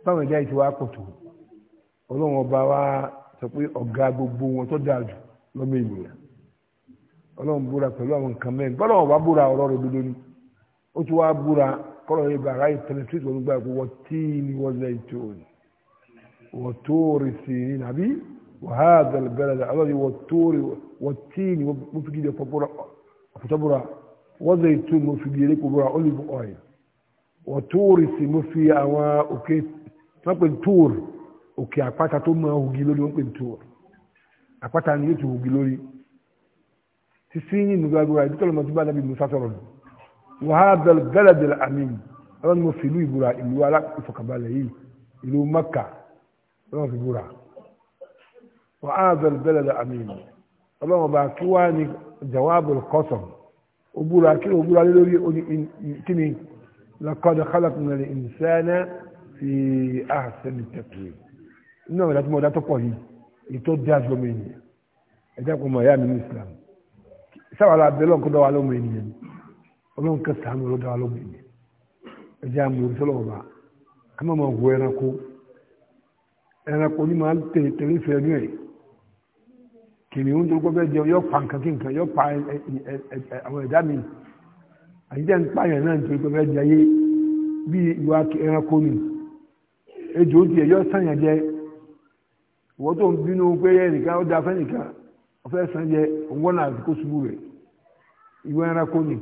báwọn ẹ̀dá yìí ti wá pọ̀ tó ọlọ́run ọba wa sọ pé ọ̀gá gbogbo wọn tó dáa jù lọ́mọ ènìyàn ọlọ́run búra pẹ̀lú àwọn nǹkan mẹ́rin bọ́lá wọn bá búra ọ̀rọ̀ rẹ̀ dodo ni ó ti wá búra kọ́lọ̀ yìí bàrà yìí والتين مفجي دي فبورا فبورا وزيتون مفجي دي فبورا أوليف أويل وتورس مفي أوا أوكي تنقل تور أوكي أكواتا توما هجيلولي ونقل تور أكواتا نيوتي هجيلولي سيسيني نغاغورا يدكال مزبا نبي موسى وهذا البلد الأمين أنا مفيلو يبورا إلو على إفكبالي إلو مكة أنا في بورا وهذا البلد الأمين ọlọ́run ọba kí wá ní jawabu kọ́sọ̀m ó búra kí ló búra lórí kí ni laqad khalaqna al-insana fi ahsani taqwim nínú àwọn ìdájọ́ ọ̀dá tó pọ̀ yìí ètò dájú lọ́mọ ènìyàn ẹ̀dá kò mọ̀ ẹ̀yà mi ní Islam sáwọn alábẹ́ lọ́nkọ́ dáwà lọ́mọ ènìyàn ọlọ́run kẹsàn án ló dáwà lọ́mọ ènìyàn ẹ̀jẹ̀ àmì òrìṣẹ́ lọ́wọ́ bá ká má máa wọ ẹranko ẹranko ní máa tẹ̀lé fẹ́ẹ́ kìnìún tó gbọ́dọ̀ jẹun yóò pa nǹkan kí nǹkan yóò pa àwọn ẹ̀dá mi àyíjẹ́ ń pààyàn náà nítorí pé bẹ́ẹ̀ jayé bí ìwà ẹranko mi ejò tiẹ̀ yóò sànyàn jẹ ìwọ́n tó ń bínú pé ẹnìkan ó da fẹ́nìkan ọ̀fẹ́ sàn jẹ òun náà kó ṣubú rẹ̀ ìwà ẹranko mi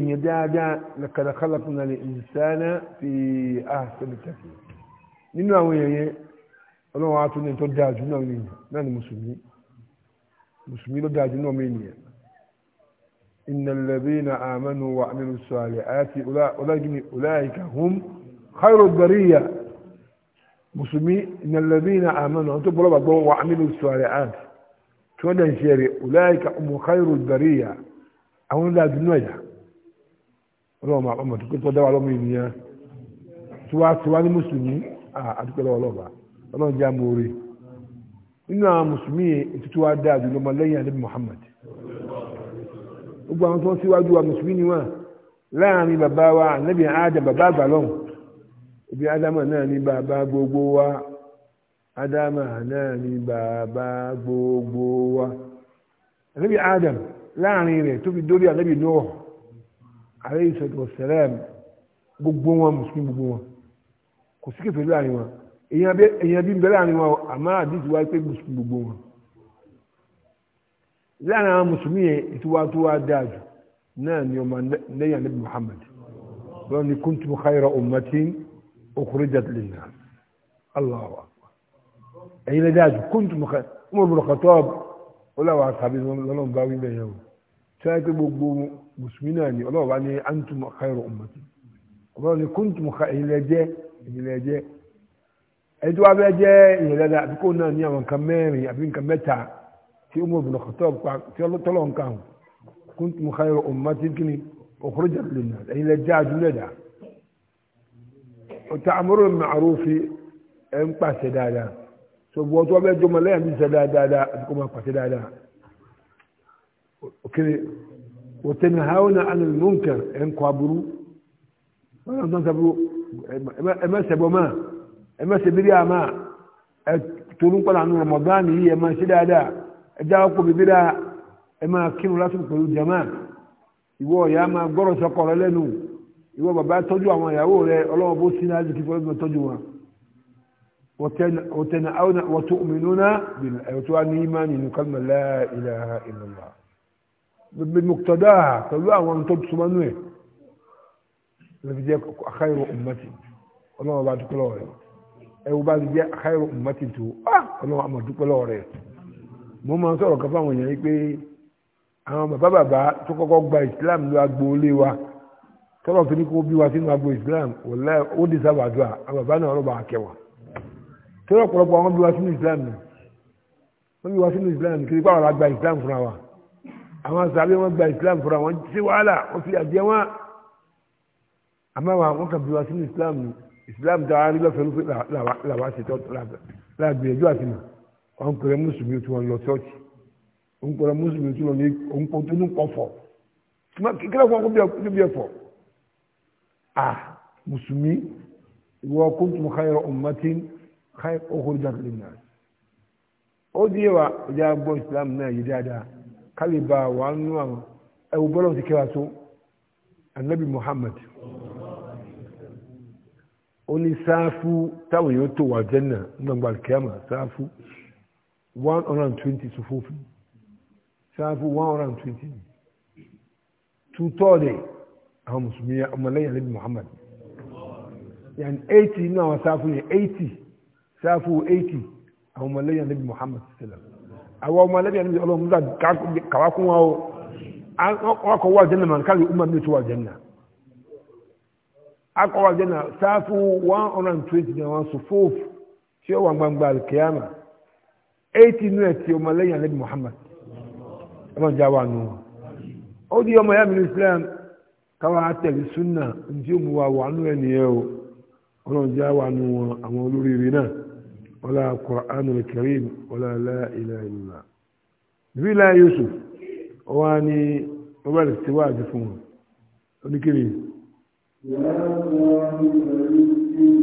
ìyẹn dáadáa laqad khalaqna al-insana fi ahsani taqwim nínú àwọn èèyàn yẹn ọlọ́run atún ní tó dáa jù náà nìyẹn náà ni mùsùlùmí mùsùlùmí ló dáa jù náà mí nìyẹn innal ladhina amanu wa amilu salihati ulaika hum khairu bariya mùsùlùmí innal ladhina amanu àwọn tó bọ́lọ́ gbàgbọ́ wa amilu salihati tí wọ́n dẹ̀ ń ṣe rẹ̀ ulaika hum àwọn dáa jù náà yà ọlọ́run àpamọ̀ tó dáwà lọ́mọ ènìyàn tí wọ́n á ti wá ní mùsùlùmí àdúgbò lọ́wọ́ lọ́ba ọlọ́run jẹ́ amóore nínú àwọn mùsùlùmí ètùtù wa dáa jùlọ ọmọ lẹ́yìn àdébí Muhammad gbogbo àwọn tó ń síwájú wa mùsùlùmí ni wọn láàrin bàbá wa ànábì Adam bàbá àgbàlọ́n ibi Adama náà ní bàbá gbogbo wa Adama náà ní bàbá gbogbo wa ànábì Adam láàrin rẹ̀ tó fi dórí ànábì Nuh alayhi salatu wassalam gbogbo wọn mùsùlùmí gbogbo wọn kò sí kẹfẹ́ láàrin wọn èèyàn bí bẹ́ẹ̀ láàrin wọn àmọ́ àdìsí wáyé pé mùsùlùmí gbogbo wọn láàrin àwọn mùsùlùmí yẹn ìtura tó wá dáa jù náà ni ọmọ lẹ́yìn alẹ́ Muhammad wọn ni kuntum khayra ummatin ukhrijat linnas Allahu akbar ẹ̀yin lẹ́ dáa jù kuntum khayra Umar bin Khattab ọlọ́wà àtàbí lọ́lọ́run bá wí bẹ́ẹ̀ o tí wọ́n pé gbogbo mùsùlùmí náà ni ọlọ́wà ni antum khayra ummatin ọlọ́wà ni kuntum khayra ẹ̀yin lẹ́ jẹ́ ẹ̀yin ẹni tí wàá fẹ́ jẹ́ èèyàn dáadáa àbí kò náà ní àwọn nǹkan mẹ́rin àbí nǹkan mẹ́ta tí ó mú ibn Khattab pa tí ọlọ́tọ́lọ́ nǹkan kuntum khayra ummatin kí ni ukhrijat lin-nas ẹ̀yin lẹ já ajú lẹ́dà ta'muruna bil-ma'ruf ẹ̀ ń pàṣẹ dáadáa sọ̀bù ọ̀tọ́ bẹ́ẹ̀ jọmọ lẹ́yìn mi sẹ́ dáadáa àbí máa pàṣẹ dáadáa òkèrè وتنهون عن المنكر ان كابروا ولا تنكبروا اما سبوا ما ẹ má ṣe bíbí àmà ẹ torú pàdà nù Ramadan yìí ẹ má ṣe dáadáa ẹ já kó bíbí dáa ẹ má kírun lásìkò pẹ̀lú jama ìwọ ìyá máa gbọ́rọ̀ sọkọ rẹ lẹ́nu ìwọ bàbá tọ́jú àwọn ìyàwó rẹ ọlọ́wọ́ bó sí náà jìkì fọlọ́bí tọ́jú wọn wọ́tẹ̀nà àwọn wọ́tọ̀ òmìnira ẹ̀wọ̀tọ̀ wa ní imáni ní kalma la ilaha illallah bí mọ̀tọ́dá pẹ̀lú àwọn tó túnmọ́ nù ẹ̀ lọ́bi jẹ́ àkáyọ̀ ọ̀mọ́tì ọlọ́wọ́ bá dúpẹ́ lọ́wọ́ rẹ̀ ẹwù bá ti jẹ́ khairu ummati tó ah, ọlọ́wọ́ àmọ̀ dúpẹ́ lọ́wọ́ rẹ̀ mo máa ń sọ̀rọ̀ kan fáwọn èèyàn yìí pé àwọn bàbá bàbá tó kọ́kọ́ gba islam ló agboolé wa tọ́lọ̀ fi ní kó bí wa sínú agbo islam wọlé ó di sábà dùn náà ọlọ́ba akẹwà tọ́lọ̀ pọ̀lọpọ̀ àwọn bí wa sínú islam ni wọ́n bí wa sínú islam kiri pàwọn àgbà islam fúnra wa àwọn sàbí wọn gba islam fúnra wọn ṣé wàhálà wọ́n fi àjẹ wọn àmọ́ wọn kàn bí wa sínú islam ni islam dára nílọ́fẹ̀ẹ́ ló fi làwa ṣètò lágbèyànjú àti mà wọn pèrè mùsùlùmí tí wọn lọ ṣọ́ọ̀ṣì wọn pèrè mùsùlùmí tí wọn ní òǹkó tó ní pọ̀ fọ̀ kíkẹ́lẹ́ fún ọkọ̀ bí ẹ̀fọ́ à mùsùlùmí ìwọ kuntum khayra ummatin ukhrijat linnas ó di wa ọjà gbọ́ islam náà yìí dáadáa kálí bá wàá nù àwọn ẹ̀wù bọ́lọ̀ ti kẹ́wàá tó anabi muhammad ó ní sáfù táwọn èèyàn tó wà jẹ́nà nígbàgbà kẹ́mà sáfù one hundred and twenty to fófin sáfù one hundred and twenty tutọ́ de àwọn mùsùlùmí ọmọlẹ́yìn alẹ́ bí Muhammad yàn eighty nínú àwọn sáfù yẹn eighty sáfù eighty àwọn ọmọlẹ́yìn alẹ́ Muhammad sallam àwọn ọmọlẹ́yìn alẹ́ bí kàwákùn wa o wọn wà jẹ́nà mọ̀ nǹkan lè ọmọ tó wà jẹ́nà. akọwa jana safu 120 na wọn sufufu gbangba alkiyama 80 nínú ẹtì ọmọ muhammad ẹmọ jẹ àwọn ọmọ ya mìíràn islam kawa atẹlẹ sunna ntí òmu wa wà nù ẹnìyẹ o ọlọ́run jẹ àwọn olóríire náà karim wala la ilaha yusuf ọwa ni ọba ti wá wọn Allah'a emanet olun.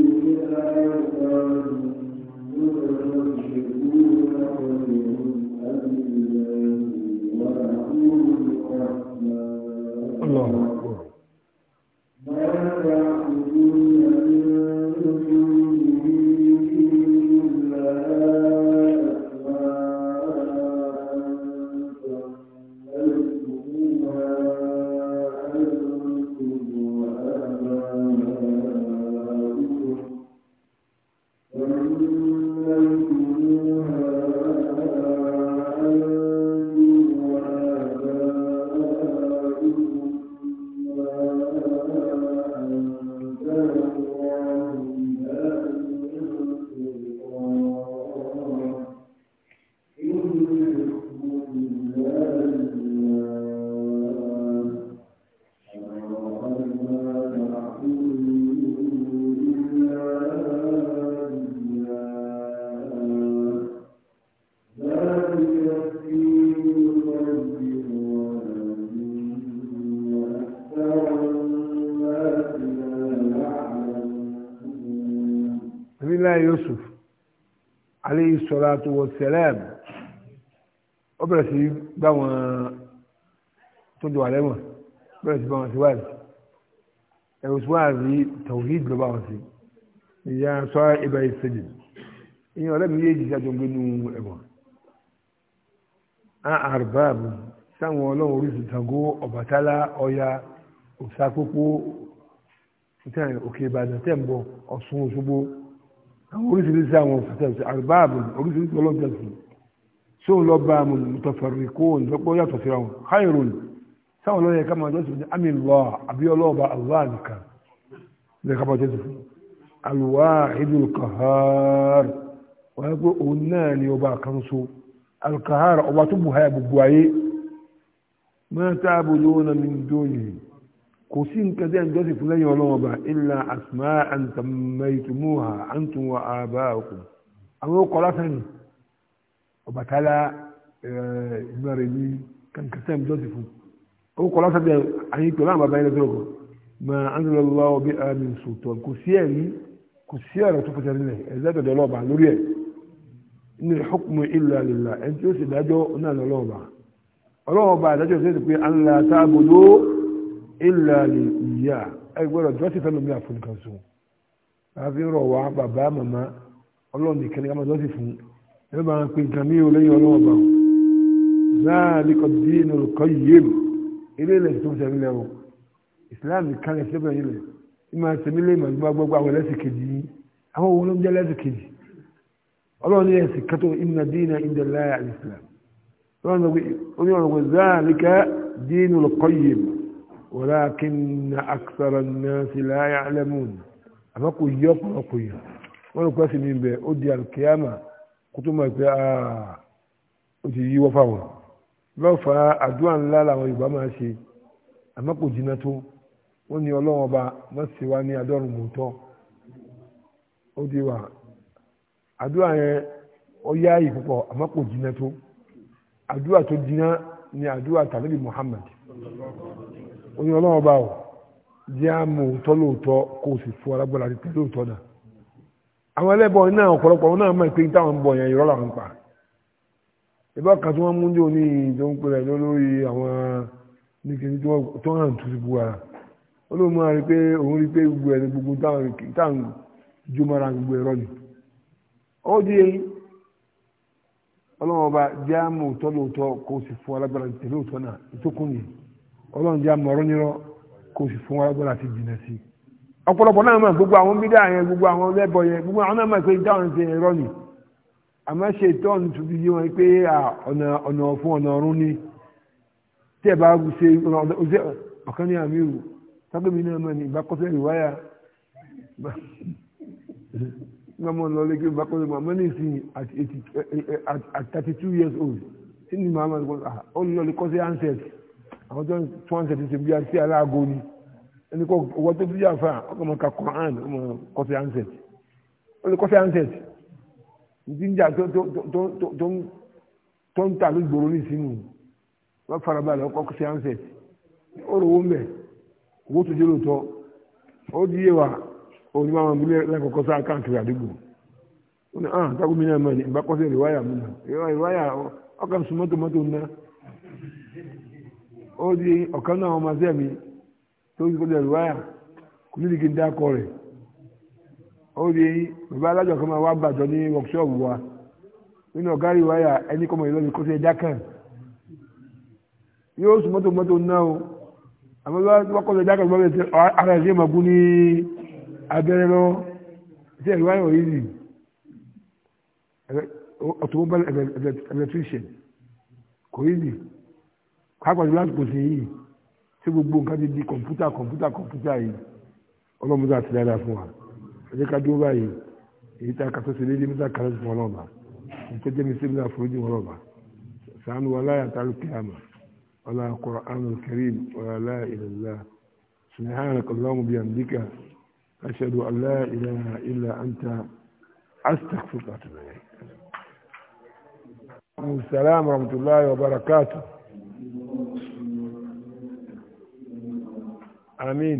salatu wa salam ó bẹ̀rẹ̀ sí bá wọn tó dùn àlẹ́ wọn bẹ̀rẹ̀ sí bá wọn sí ẹ̀rọ sí tawhid ló bá wọn sí ìyá sọ ibà ìsèjì ìyẹn ọ̀rẹ́ mi yéèjì sáà tó ń gbé nu ẹ̀wọ̀n a arbab sáwọn ọlọ́run orísun Ṣàngó Ọbàtálá Ọya òṣàpópó òkè Ìbàdàn tẹ̀ ń bọ̀ Ọ̀ṣun Òṣogbo àwọn oríṣiríṣi àwọn òfìsẹ̀sì àrùbáàbù oríṣiríṣi ọlọ́jọ́sì tí ó lọ bá a mùtọ̀fẹ̀rìkó ìjọpọ̀ yàtọ̀ síra wọn hayrun sáwọn lọ́yẹ̀ ká máa jọ́sìn àmì lọ àbí ọlọ́ọ̀bà allah nìkan lè ká máa jọ́sìn alwahidul kahar wọ́n pé òun náà ni ọba kan so alkahar ọba tó bù háyà gbogbo ayé mẹ́ta àbúrò náà ní dóyìn kò sí nǹkan tí a ń jọ́sìn fún lẹ́yìn ọlọ́wọ́ bá illa asma'an sammaytumuha antum wa aba'ukum àwọn ọkọ̀ lásán ni Ọbàtálá ìgbàrẹ̀ ní kankan tí a ń jọ́sìn fún ọkọ̀ lásán bí àyìn pẹ̀lú àwọn bàbá yẹn lọ́sọ̀rọ̀ kan ma anzala Allahu biha min sultan kò sí ẹ̀rí kò sí ọ̀rọ̀ tó fẹsẹ̀ nílẹ̀ ẹ̀zẹ́dọ̀dọ̀ lọ́ọ̀bà lórí ẹ̀ ní hukmu illa lillah ìlà lè yà jọ́sìn fẹ́ lómi àforíkan sùn láti rọ̀ wá bàbá màmá ọlọ́run nìkan ní jọ́sìn fún ẹ máa ń pè nǹkan mí o lẹ́yìn náà olùkọ́ yìí ilé ilẹ̀ tó ń sẹ́mi lẹ́wọ̀ Islam sẹ́mi àwọn ẹlẹ́sìn kejì ولكن أكثر الناس لا يعلمون أما كل يوم كل يوم wọ́n kọ́ sí mi bẹ̀ ó di alkiyama kó tó máa pé ó ti yíwọ́ fáwọn lọ́ọ́ fa àdúrà ńlá làwọn yorùbá máa ṣe àmọ́ kò jìnnà tó wọ́n ní ọlọ́wọ́n ọba wọ́n ni Muhammad oní ọlọ́wọ́ bá o jẹ́ àmọ́ òótọ́ lóòótọ́ kó o sì fún alágbára àti tẹ̀lé òótọ́ náà àwọn ẹlẹ́bọ̀ náà ọ̀pọ̀lọpọ̀ náà mọ̀ pé táwọn ń bọ̀ yẹn ìrọ́lá ń pa ìbá kan tí wọ́n mú ní òní tó ń pèrè lórí àwọn nìkejì tó hàn tó ti bu ara olóòmù àrí pé òun rí pé gbogbo ẹni gbogbo táwọn jó mara gbogbo ẹ̀rọ ni ó di eyín ọlọ́wọ́n bá jáàmù tọ́lóòtọ́ kó o sì fún alágbára tẹ̀lé òótọ́ ọlọ́run jẹ́ àmọ̀rọ́ nírọ́ kò sì fún alágbára ti jìnà sí i ọ̀pọ̀lọpọ̀ náà mọ̀ gbogbo àwọn bídà yẹn gbogbo àwọn lẹ́bọ̀ yẹn gbogbo àwọn náà mọ̀ pé dáhùn ṣe ẹ̀rọ ni àmọ́ ṣe tọ́ọ̀nù tó fi yé pé ọ̀nà ọ̀fun ọ̀nà ọ̀run ni tí ẹ bá ṣe ọ̀kan ní àmì sábẹ́mi náà mọ̀ ní ìbákọ́sẹ́ ìwáyà ní ìsìn lọ àwọn tó ń tí wọ́n ń tẹ̀sí bí i aláàgó ni ẹni kọ́ owó tó bí àfa ọkọ̀ mọ̀ ká Quran ọmọ kọfí ansẹt ó lè kọfí ansẹt jíjà tó ń ta lóògbòrò ní ìsinmi wọ́n farabalẹ̀ ọkọ̀ kọfí ansẹt ó rò wọ́n bẹ̀ owó tó jẹ́ lóòótọ́ ó di yé wa òní máa ń gbélé lẹ́kọ̀ọ́kọ́ sáà káàkiri àdúgbò ó ní ah tágùmí náà mọ̀ ní ìbákọ́sẹ̀ ìrìwáyà mi náà ìrìwáyà ọkàn sùn náà ó di ọ̀kan náà ọmọ sẹ́mi tó ń kọjá ìwáyà kò ní ìdíkì ń dákọ rẹ̀ ó di bàbá alájọ kan máa wá bàjọ́ ní workshop wa nínú ọ̀gá ìwáyà ẹni kọ́mọ ìlọ́ni kó sí ẹja kan yóò sùn mọ́tò mọ́tò náà o àmọ́ bí wọ́n kọ́ sí ẹja kan lọ́wọ́ ara ẹ̀ sí ẹ̀ máa gún ní abẹ́rẹ́ lọ́wọ́ sí ẹ̀rọ ayọ̀ yìí automobile electrician kò kápẹ́tù lásìkò sí yìí tí gbogbo nǹkan ti di kọ̀ǹpútà kọ̀ǹpútà kọ̀ǹpútà yìí ọlọ́mọdé àti dáadáa fún wa ẹ̀jẹ̀ ká dúró báyìí èyí tá a kà sọ́sẹ̀ lédè mẹ́ta kàrẹ́ fún ọlọ́ọ̀bà ìtọ́jẹ́ mi sí mi náà forójì ọlọ́ọ̀bà sànù wàlá yàtàlù kìámà wàlá Qur'anul Karim wàlá ìlàlá subhanaka Allahumma bihamdika ashhadu an la ilaha illa anta astaghfiruka wa Àmín.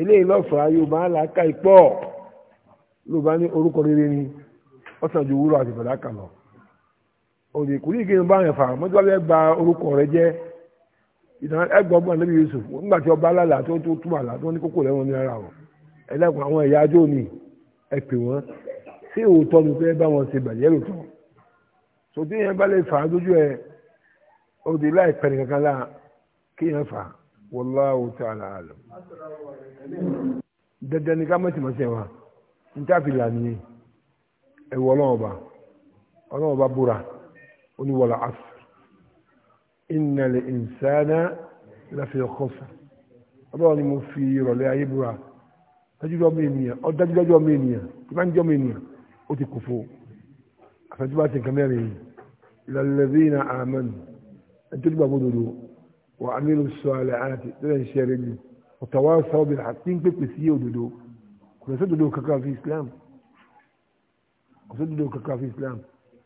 eléyìí lọ́fàá yorùbá làákà ìpọ̀ yorùbá ní orúkọ rere ni ọ̀sán ju wúrọ̀ àti fàdákà lọ òdì kùrí kí n bá yẹn fà mọ́tò wà bẹ́ẹ̀ ba orúkọ rẹ jẹ́ ìdáná ẹgbọ́n bọ́n níbi Yusuf nígbà tí ọba alálà tó tó tú àlà tó ní kókó lẹ́wọ̀n ní ara wọn ẹlẹ́kùn àwọn ẹ̀yà ajó ni ẹ pè wọ́n sí òótọ́ ni fẹ́ bá wọn ṣe bàjẹ́ lòótọ́ sòtí yẹn bá lè fà á lójú ẹ òdì láì pẹ̀lú kankan lá kí yẹn fà á wallahu ta'ala alam dandan ni ká má ti mọ̀ sí ẹ̀ wá n ta fi là nìyẹn ẹ̀wọ̀ ọlọ́ọ̀ba ọlọ́ọ̀ba búra ó ní wala asr innal insana lafi khusr ọlọ́ọ̀ ni mo fi ìrọ̀lẹ́ ayé búra dájúdájú ọmọ ènìyàn ọdájúdájú ọmọ ènìyàn tí bá ènìyàn ó ti kò fo àfẹ́tí ti nǹkan mẹ́rin yìí lal ladhina ẹjọ́ nígbà gbọdọ̀dọ̀ وعملوا الصالحات لن شرني وتواصوا بالحق بقسيه ودودو كنا سدودو كاكا في الإسلام كنا سدودو كاكا في الإسلام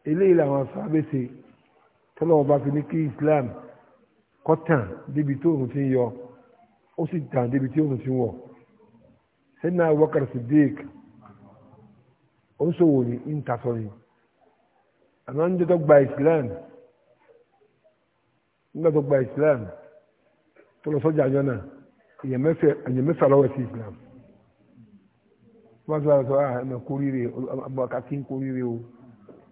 إلي إلى ما صعبتي tọ́lọ́wọ́ bá fi ní kí Islam kó tàn débi tí òun ti ń yọ ó sì tàn débi tí òun ti ń wọ̀ sẹ́nà Abubakar Siddiq oníṣòwò ní intasọ ni àmọ́ ń jẹ́ tó gba Islam nígbà tó gba Islam tó lọ sọ́jà àjọ náà èèyàn mẹ́fà lọ́wọ́ sí Islam wọ́n sọ àwọn sọ ah ẹ̀mẹ̀ kó rire abọ́ká kí n kó rire o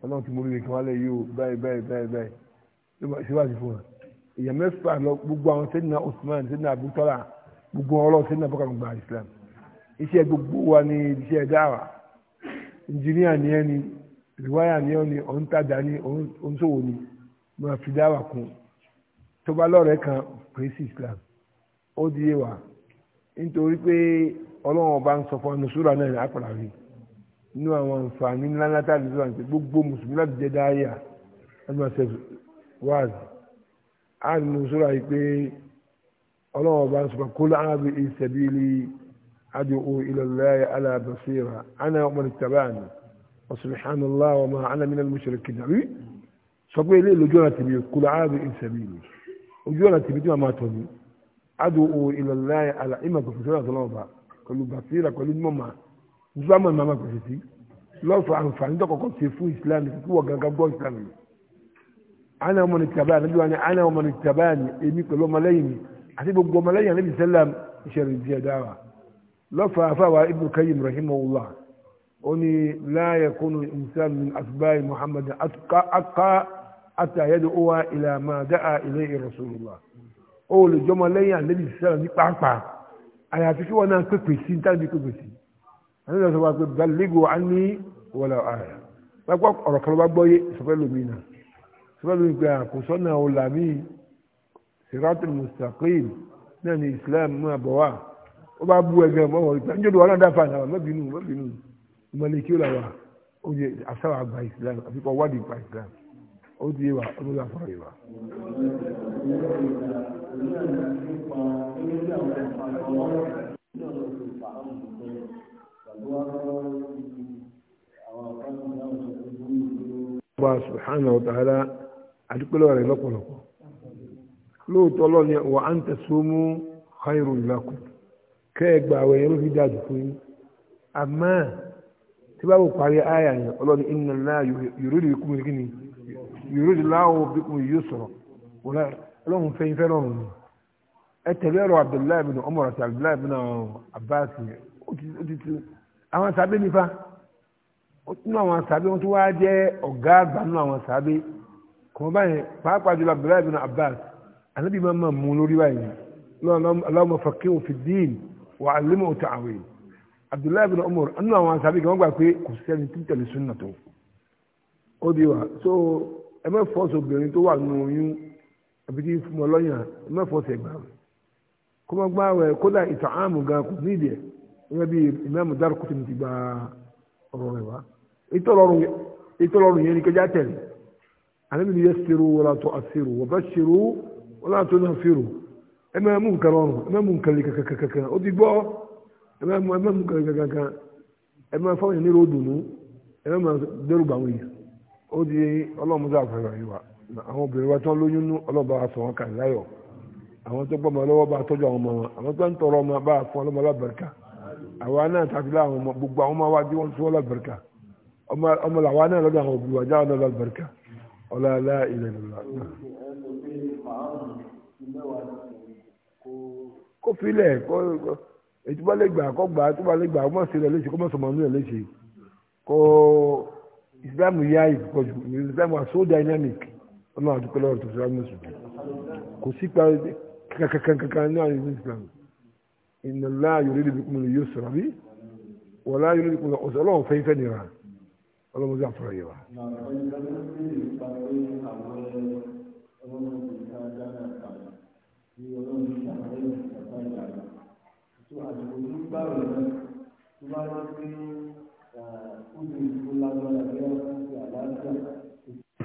ọlọ́run ti mú rire kí wọ́n lẹ̀ yìí o báyìí báyìí báyìí báyìí síwájú fún wa èèyàn mẹ́fà lọ gbogbo àwọn sẹ́dínà Usman sẹ́dínà abutọ́lá gbogbo ọlọ́run sẹ́dínà bọ́kà gba Islam iṣẹ́ gbogbo wa ni iṣẹ́ dáwà injiniya ni ẹni rìwáyà ni ẹni òǹtajà ni òǹṣòwò ni mo fi dáwà kún tó bá kan kìí sí islam ó di yé wa nítorí pé ọlọ́run ọba ń sọ fún anusúra náà ní àpàlàrí nínú àwọn àǹfààní ńlá ńlá tá a lè sọ àǹtí gbogbo mùsùlùmí láti jẹ dáyà ẹnu ọ̀sẹ̀ wáàzì á nínú sọ́ra yìí pé ọlọ́run ọba ń sọ fún kóló ábí ìṣẹ̀bílì adùnkù ilallahi ala basira ana ọmọ nìtàbáàni ọ̀sùnmíhánà láwọn ọmọ anamínà mùsùlùmí kìdàrí sọ pé ilé ìlójú ọ̀nà tèmi kóló ábí ìṣẹ̀bílì ojú ọ̀nà tìbí tí wọ́n máa tọ̀ ní adùn òun ìlọ̀láyà àlà ìmọ̀ kò fìṣẹ́ ọ̀tọ̀ lọ́wọ́ bá pẹ̀lú bàtírà pẹ̀lú mọ̀mà zuwamọ̀ màmá kò sì sí lọ́sọ̀ àǹfààní tó kọ̀kọ́ ṣe fún islam kí wọ́n gangan gbọ́ islam ni ana ọmọ ni tàbá ni wọn ni ana ọmọ ni tàbá ni èmi pẹ̀lú ọmọlẹ́yìn mi àti gbogbo ọmọlẹ́yìn alẹ́ bisẹ́lám ìṣẹ̀lẹ̀ ìdíyẹ àti àyẹ̀dò ó wá ilẹ̀ àmà dáa ilé ìrọ̀sọ̀rọ̀lá ó lè jọmọ lẹ́yìn àlébì sẹ́wọ̀n ní pàápàá àyàfi kí wọ́n náà pèpè sí ní tàbí pèpè sí àyẹ̀dò sọ wá pé balẹ̀gò á ní wọlé àyà lápá ọ̀rọ̀ kan bá gbọ́ yé sọfẹ́ lómi náà sọfẹ́ lómi pé àkùsọ́nà ọ̀làmí siratul mustaqim náà ní islam máa bọ̀ wá ó bá bú ẹgbẹ́ mọ́ wọ́n ìgbà níjọ́ wọn dáfà náà mọ́bìnú mọ́bìnú ìmọ̀lẹ́kí ó là wà ó yẹ àṣà àgbà islam àfikọ́ wádìí pa islam ó di ìwà olóòlà fún ìwà. Ọba Subhanahu wa ta'ala àdúpẹ́lẹ́ rẹ̀ lọ́pọ̀lọpọ̀. Lóòótọ́ lọ́ni wa an tasumu khairul lakum. Kẹ́ẹ̀gbà àwọn èèyàn ló fi dájú fún yín. Àmọ́ tí bá wò parí àyà inna Allah yuridu bikum ni? yuridu Allahu bikum al-yusra wọlé ọlọ́run fẹ́yìn fẹ́ lọ́rùn ni ẹ tẹ̀lé ọ̀rọ̀ abdullahi bin umar àti abdullahi bin abbas ó ti tu àwọn sábẹ́ nípa nínú àwọn sábẹ́ wọn tó wá jẹ́ ọ̀gá àgbà nínú àwọn sábẹ́ kò wọ́n báyìí pàápàá jùlọ abdullahi bin abbas anabi máa máa mú lórí báyìí Allahumma faqqihhu fi ddin wa 'allimhu ta'wil abdullahi bin umar nínú àwọn sábẹ́ kí wọ́n gbà pé kò sẹ́ni tí tẹ̀lé sunna tó ó di wa so ẹ má fọ́ọ̀sì obìnrin tó wà nínú oyún àbí tí fún ọlọ́yàn ẹ má fọ́ọ̀sì ẹ̀gbà kó má gbá ẹ kódà ìtàn àmù gan kò ní ìdíẹ̀ ẹgbẹ́ bíi ìmáàmù dárúkútù ti gba ọ̀rọ̀ rẹ̀ wá ìtọ́lọ́run yẹn ni kẹjá tẹ̀lé àlẹ́bí ni yẹ ṣerú wọlá tó àṣírù wọ́n bá ṣerú wọlá tó náà ṣírù ẹ má mú nǹkan rọrùn ẹ má mú nǹkan lè kankan ó ti gbọ́ ẹ má nǹkan kankan ẹ má yẹn ní ó di ọlọ́mọdé àfàyàn yìí wa àwọn obìnrin wa tán lóyún ní ọlọ́ba aṣọ wọn láyọ̀ àwọn tó gbọ́mọ lọ́wọ́ bá tọ́jú àwọn ọmọ wọn àwọn tó ń tọrọ ọmọ bá fún ọlọ́mọ alábẹ̀rẹ̀kà àwa náà tàbí láwọn ọmọ gbogbo àwọn ọmọ wa tí wọ́n tún ọlọ́bẹ̀rẹ̀kà ọmọ làwa náà lọ́dọ̀ àwọn òbí wa ọlọ́lá ilẹ̀ islam yá ìkọjú islam wa so dynamic ọlọ́run àti pẹ̀lú ọ̀rọ̀ tó sọ́ra mọ̀ sùn kò sí pa kankankankan ní àwọn ìlú islam inna Allah yuridu bikum al-yusra bí wala yuridu bikum ọ̀sẹ̀ ọlọ́run fẹ́ fẹ́ nira ọlọ́run sì àfọ̀rọ̀ yẹ wa. Thank you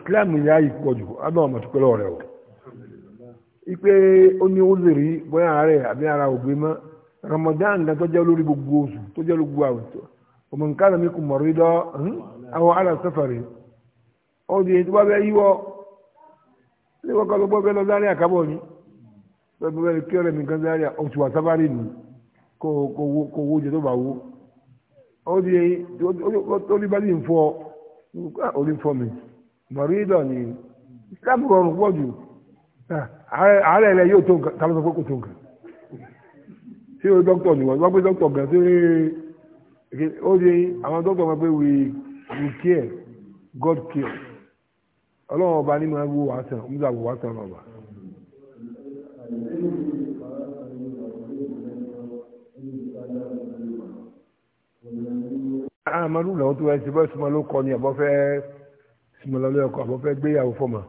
islam yà yìí pọ̀ jù adọ́ ọmọ tó pẹ́lẹ́ o ipe ó ní ozèrè bóyá àárẹ̀ àbí ara ògbé mọ́ ramadan náà tó jẹ́ olórí gbogbo oṣù tó jẹ́ olórí gbogbo àwùjọ ọmọ nǹkan àmì kò mọ̀rí dọ́ àwọn ará sẹ́fàrì ó di èyí tó yíwọ́ ilé wọ́kọ́ ló gbọ́ lọ sáré àkábọ̀ ni bẹ́ẹ̀ bẹ́ẹ̀ kí ọ̀rẹ́ mi kan sáré oṣù àsábárì ni kò wo jẹ́ tó bá wo ó di èyí tó ní bá ní ìfọ́ orí fọ́ mi mọ̀rídọ̀ ni islam rọrùn pọ̀ jù ààrẹ rẹ yóò tó nǹkan kálọ́sọ pé kò tó nǹkan ṣé o dókítà ni wọ́n gbé dókítà gan ṣé ó di àwọn dókítà wọn pé we we care God care ọlọ́run ọba ní máa wo wàásàn ń gbà wo wàásàn ọba. àmàlù ah, làwọn tó ẹ ti bọ́ ìsúnmọ́ ló kọ ni ẹ̀bọ́ fẹ́ẹ́ tí mo lọ lé ọkọ àbọ̀ fẹ́ gbéyàwó fọ́mà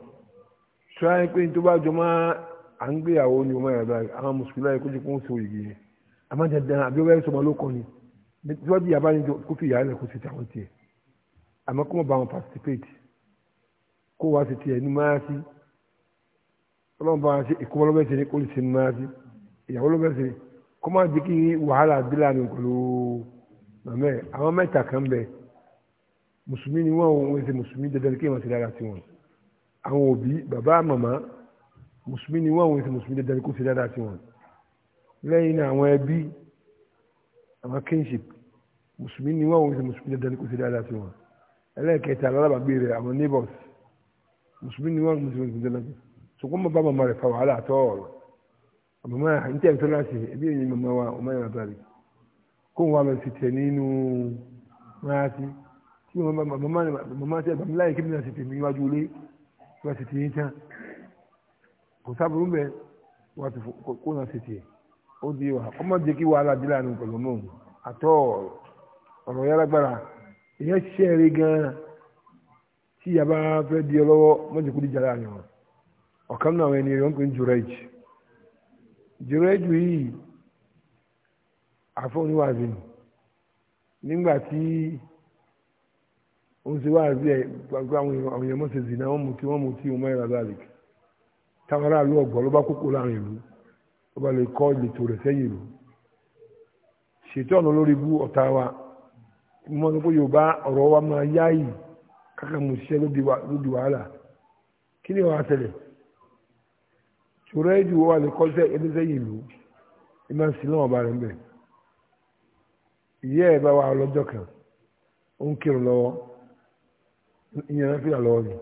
tíráyé pé tó bá jọ máa à ń gbéyàwó ni ọmọ yàrá àwọn mùsùlùmí láyé kójú kó ń so ìgì yẹn amájàdán àbí ọwọ́ ẹ̀sọ́ ni tí wọ́n bí yàrá ni kó fi yàrá rẹ̀ kó ṣe tàwọn tiẹ̀ àmọ́ kó mọ̀ bá wọn participate kó wá sí tiẹ̀ ní máa sí ọlọ́run bá wọn ṣe ìkọ́mọ ṣe ní kó lè ṣe ní mùsùlùmí ni wọ́n òun ṣe mùsùlùmí dandan kí wọ́n ṣe dára sí wọn àwọn òbí bàbá màmá mùsùlùmí ni wọ́n òun ṣe mùsùlùmí dandan kó ṣe dára sí wọn lẹ́yìn náà àwọn ẹbí àwọn kinship mùsùlùmí ni wọ́n òun ṣe mùsùlùmí dandan kó ṣe dára sí wọn ẹlẹ́ẹ̀kẹta alábàgbé rẹ̀ àwọn neighbors mùsùlùmí ni wọ́n òun ṣe mùsùlùmí dandan ṣùgbọ́n bàbá màmá rẹ̀ fa wàhálà àtọ́ àmàmá ní tẹ́ ìtọ́lá ṣe ẹbí èyí màmá wa ọmọ yàrá bá rí kóun wà lọ sí tẹ̀ nínú máa ti tí wọn màmá màmá tí ẹgbàmí láyé kébìnrin àti tèmi iwájú ilé wọn sì ti yín tán kò sábúrú bẹ wọn ti kó náà sì tiẹ̀ ó di wa ọmọ jẹ kí wàhálà dé lànà pẹ̀lú mọ àtọ ọ̀rọ̀ yàrá gbára èèyàn ṣiṣẹ́ rí ganan tí yaba fẹ́ di ọ lọ́wọ́ mọjọkú di jàrá àyàn ọkàn náà wọn ènìyàn ń pè ní jùrẹ́jì jùrẹ́jì yìí àfọwọ́niwájú nígbà tí òun sì wá àbí ẹ gbàgbé àwọn èèyàn mọ́sẹ̀ zì náà wọ́n mú tí wọ́n mú tí wọ́n mọ́ ìrà láàlì táwọn aráàlú ọ̀gbọ́n ló bá kókó láàrin ìlú ó bá lè kọ́ ìletò rẹ̀ sẹ́yìn ìlú ṣètò ọ̀nà lórí bú ọ̀tá wa mo ní kó yorùbá ọ̀rọ̀ wa máa yá yìí káka mo ṣiṣẹ́ lódi wàhálà kí ni wàá tẹ̀lé ṣòro ẹ̀jú wa lè kọ́ sẹ́yìn ìlú ìmọ̀ sí náà ọba rẹ̀ ń bẹ̀ ìyá ẹ̀ bá wa lọ́jọ́ kan ó ń kírun lọ́wọ́ ìyẹn náà fìlà lọ́wọ́ ni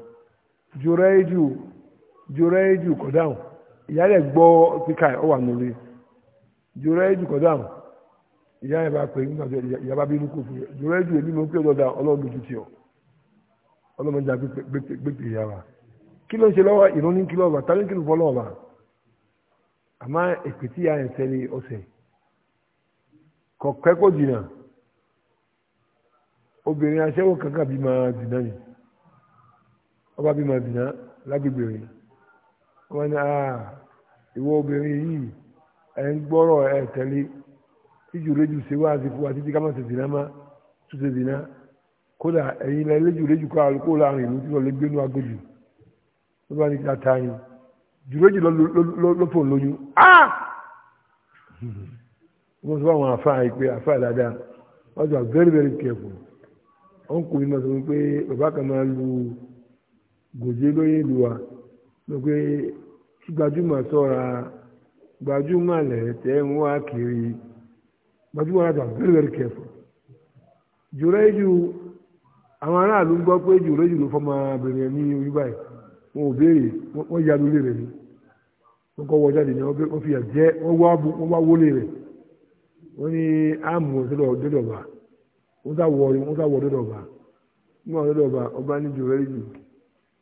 jùrẹ́jù jùrẹ́jù kò dáhùn ìyá rẹ̀ gbọ́ píkà ọ̀ wà nílé jùrẹ́jù kò dáhùn ìyá rẹ̀ bá pè é nígbà tó ìyá bá ya kò fún yẹ èmi pé ọlọ́run gbẹ̀gbẹ̀ ìyá wa kí ló ń ṣe lọ́wọ́ ìrún ní kí kí ló fọ́ lọ́wọ́ àmọ́ ìyá ọ̀sẹ̀ obìnrin aṣẹ́wó kankan bí máa dìnnà yìí ọba bímọ zìnà lágbègbè rẹ̀ wọ́n ní àá ah, ìwọ obìnrin yìí ẹ̀ ń gbọ́rọ̀ ẹ̀ tẹ̀lé tíjú rédíò ṣe wá sí fún wa títí ká má ṣe zìnà má tún ṣe zìnà kódà ẹ̀yin lẹ léjù rédíò kó àlùkò láàrin ìlú tí wọ́n lè gbénu agodi ló bá ní kí a ta yín jùlójì ló fò lóyún áá ah! wọ́n sọ àwọn àfáà yìí pé àfáà dáadáa sọ very very careful wọ́n kò ní ma sọ pé bàbá kan máa lu gòjé ìlú wa ló pé gbajúmọ̀ sọ́ra gbajúmọ̀ lẹ̀ tẹ́ ń wá kiri gbajúmọ̀ very very careful àwọn aráàlú ń gbọ́ pé ló ní orí báyìí wọn ò béèrè ya rẹ̀ ni kọ́ ni fi wá wọlé rẹ̀ ọ̀sẹ̀lọ̀ sá wọ sá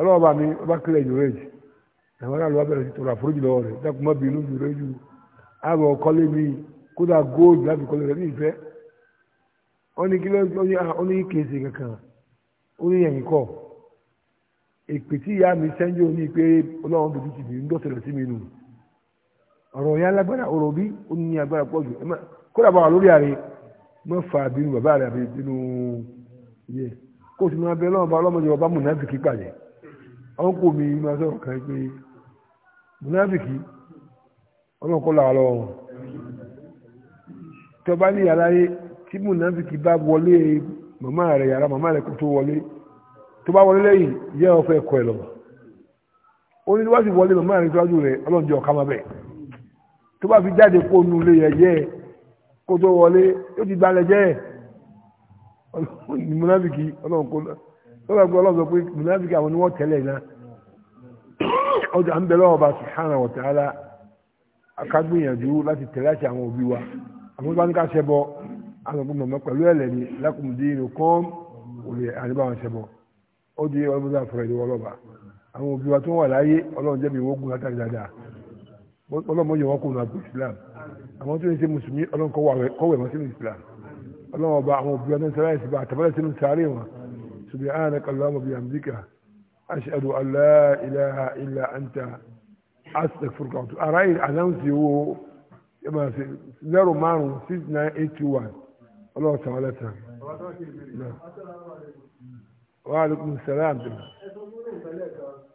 ọlọ́wọ́ bá mi ọba kílẹ̀ jùrẹ́jì àwọn aláàlú abẹ́rẹ́ ti tọrọ àforíjì lọ́wọ́ rẹ̀ dákun má bínú jùrẹ́jù àbọ̀ kọ́lé mi kódà góòlù láti kọ́lé rẹ̀ ní ìfẹ́ ní ní kéèsì kankan ní ẹ̀yìn kọ́ ìyá mi sẹ́ńjọ́ ní pé ń sí mi nù ọ̀rọ̀ yẹn alágbára ọ̀rọ̀ bí ó ní agbára pọ̀ jù kódà bá wà lórí mọ́ fà bínú bàbá rẹ̀ àbí bínú yẹ àwọn kò mi máa sọ̀rọ̀ kan pé mùnáfìkì ọlọ́kọ́lá àlọ́ ọ̀hún tó bá ní yàrá yé tí mùnáfìkì bá wọlé màmá rẹ̀ yàrá màmá rẹ̀ kò tó wọlé tó bá wọlé lẹ́yìn yẹ́ ọ fẹ́ kọ ẹ̀ lọ́wọ́ ó ní wá sí wọlé màmá rẹ̀ síwájú rẹ̀ ọlọ́njẹ́ ọ̀ká má tó bá fi jáde kó nu ilé yẹ kó tó wọlé ó ti gbalẹ̀ jẹ́ mùnáfìkì ọlọ́nkọ́lá lọ́wọ́ ẹgbẹ́ ọlọ́sọ pé mùnàfíkì àwọn ni wọ́n tẹ́lẹ̀ náà ọjọ́ à ń bẹ lọ́wọ́ bá subhanahu wa ta'ala akágbìyànjú láti tẹ̀lé àti àwọn òbí wa àwọn bá ní ká ṣẹbọ àwọn ọgbọ́n mọ̀mọ́ pẹ̀lú ẹ̀lẹ́ ni lakum dinukum òye àdébà wọn ṣẹbọ ó di ọlọ́mọdé àfọ̀rọ̀ ìdíwọ́ ọlọ́ba àwọn òbí wa tó wà láyé ọlọ́run jẹ́bi ìwọ́ ogun látàrí dáadáa ọlọ́mọ سبحانك اللهم وبحمدك أشهد أن لا إله إلا أنت أستغفرك وأتوب أرأي الأنونسي هو ما زيرو مارو 6981 الله تعالى وعليكم السلام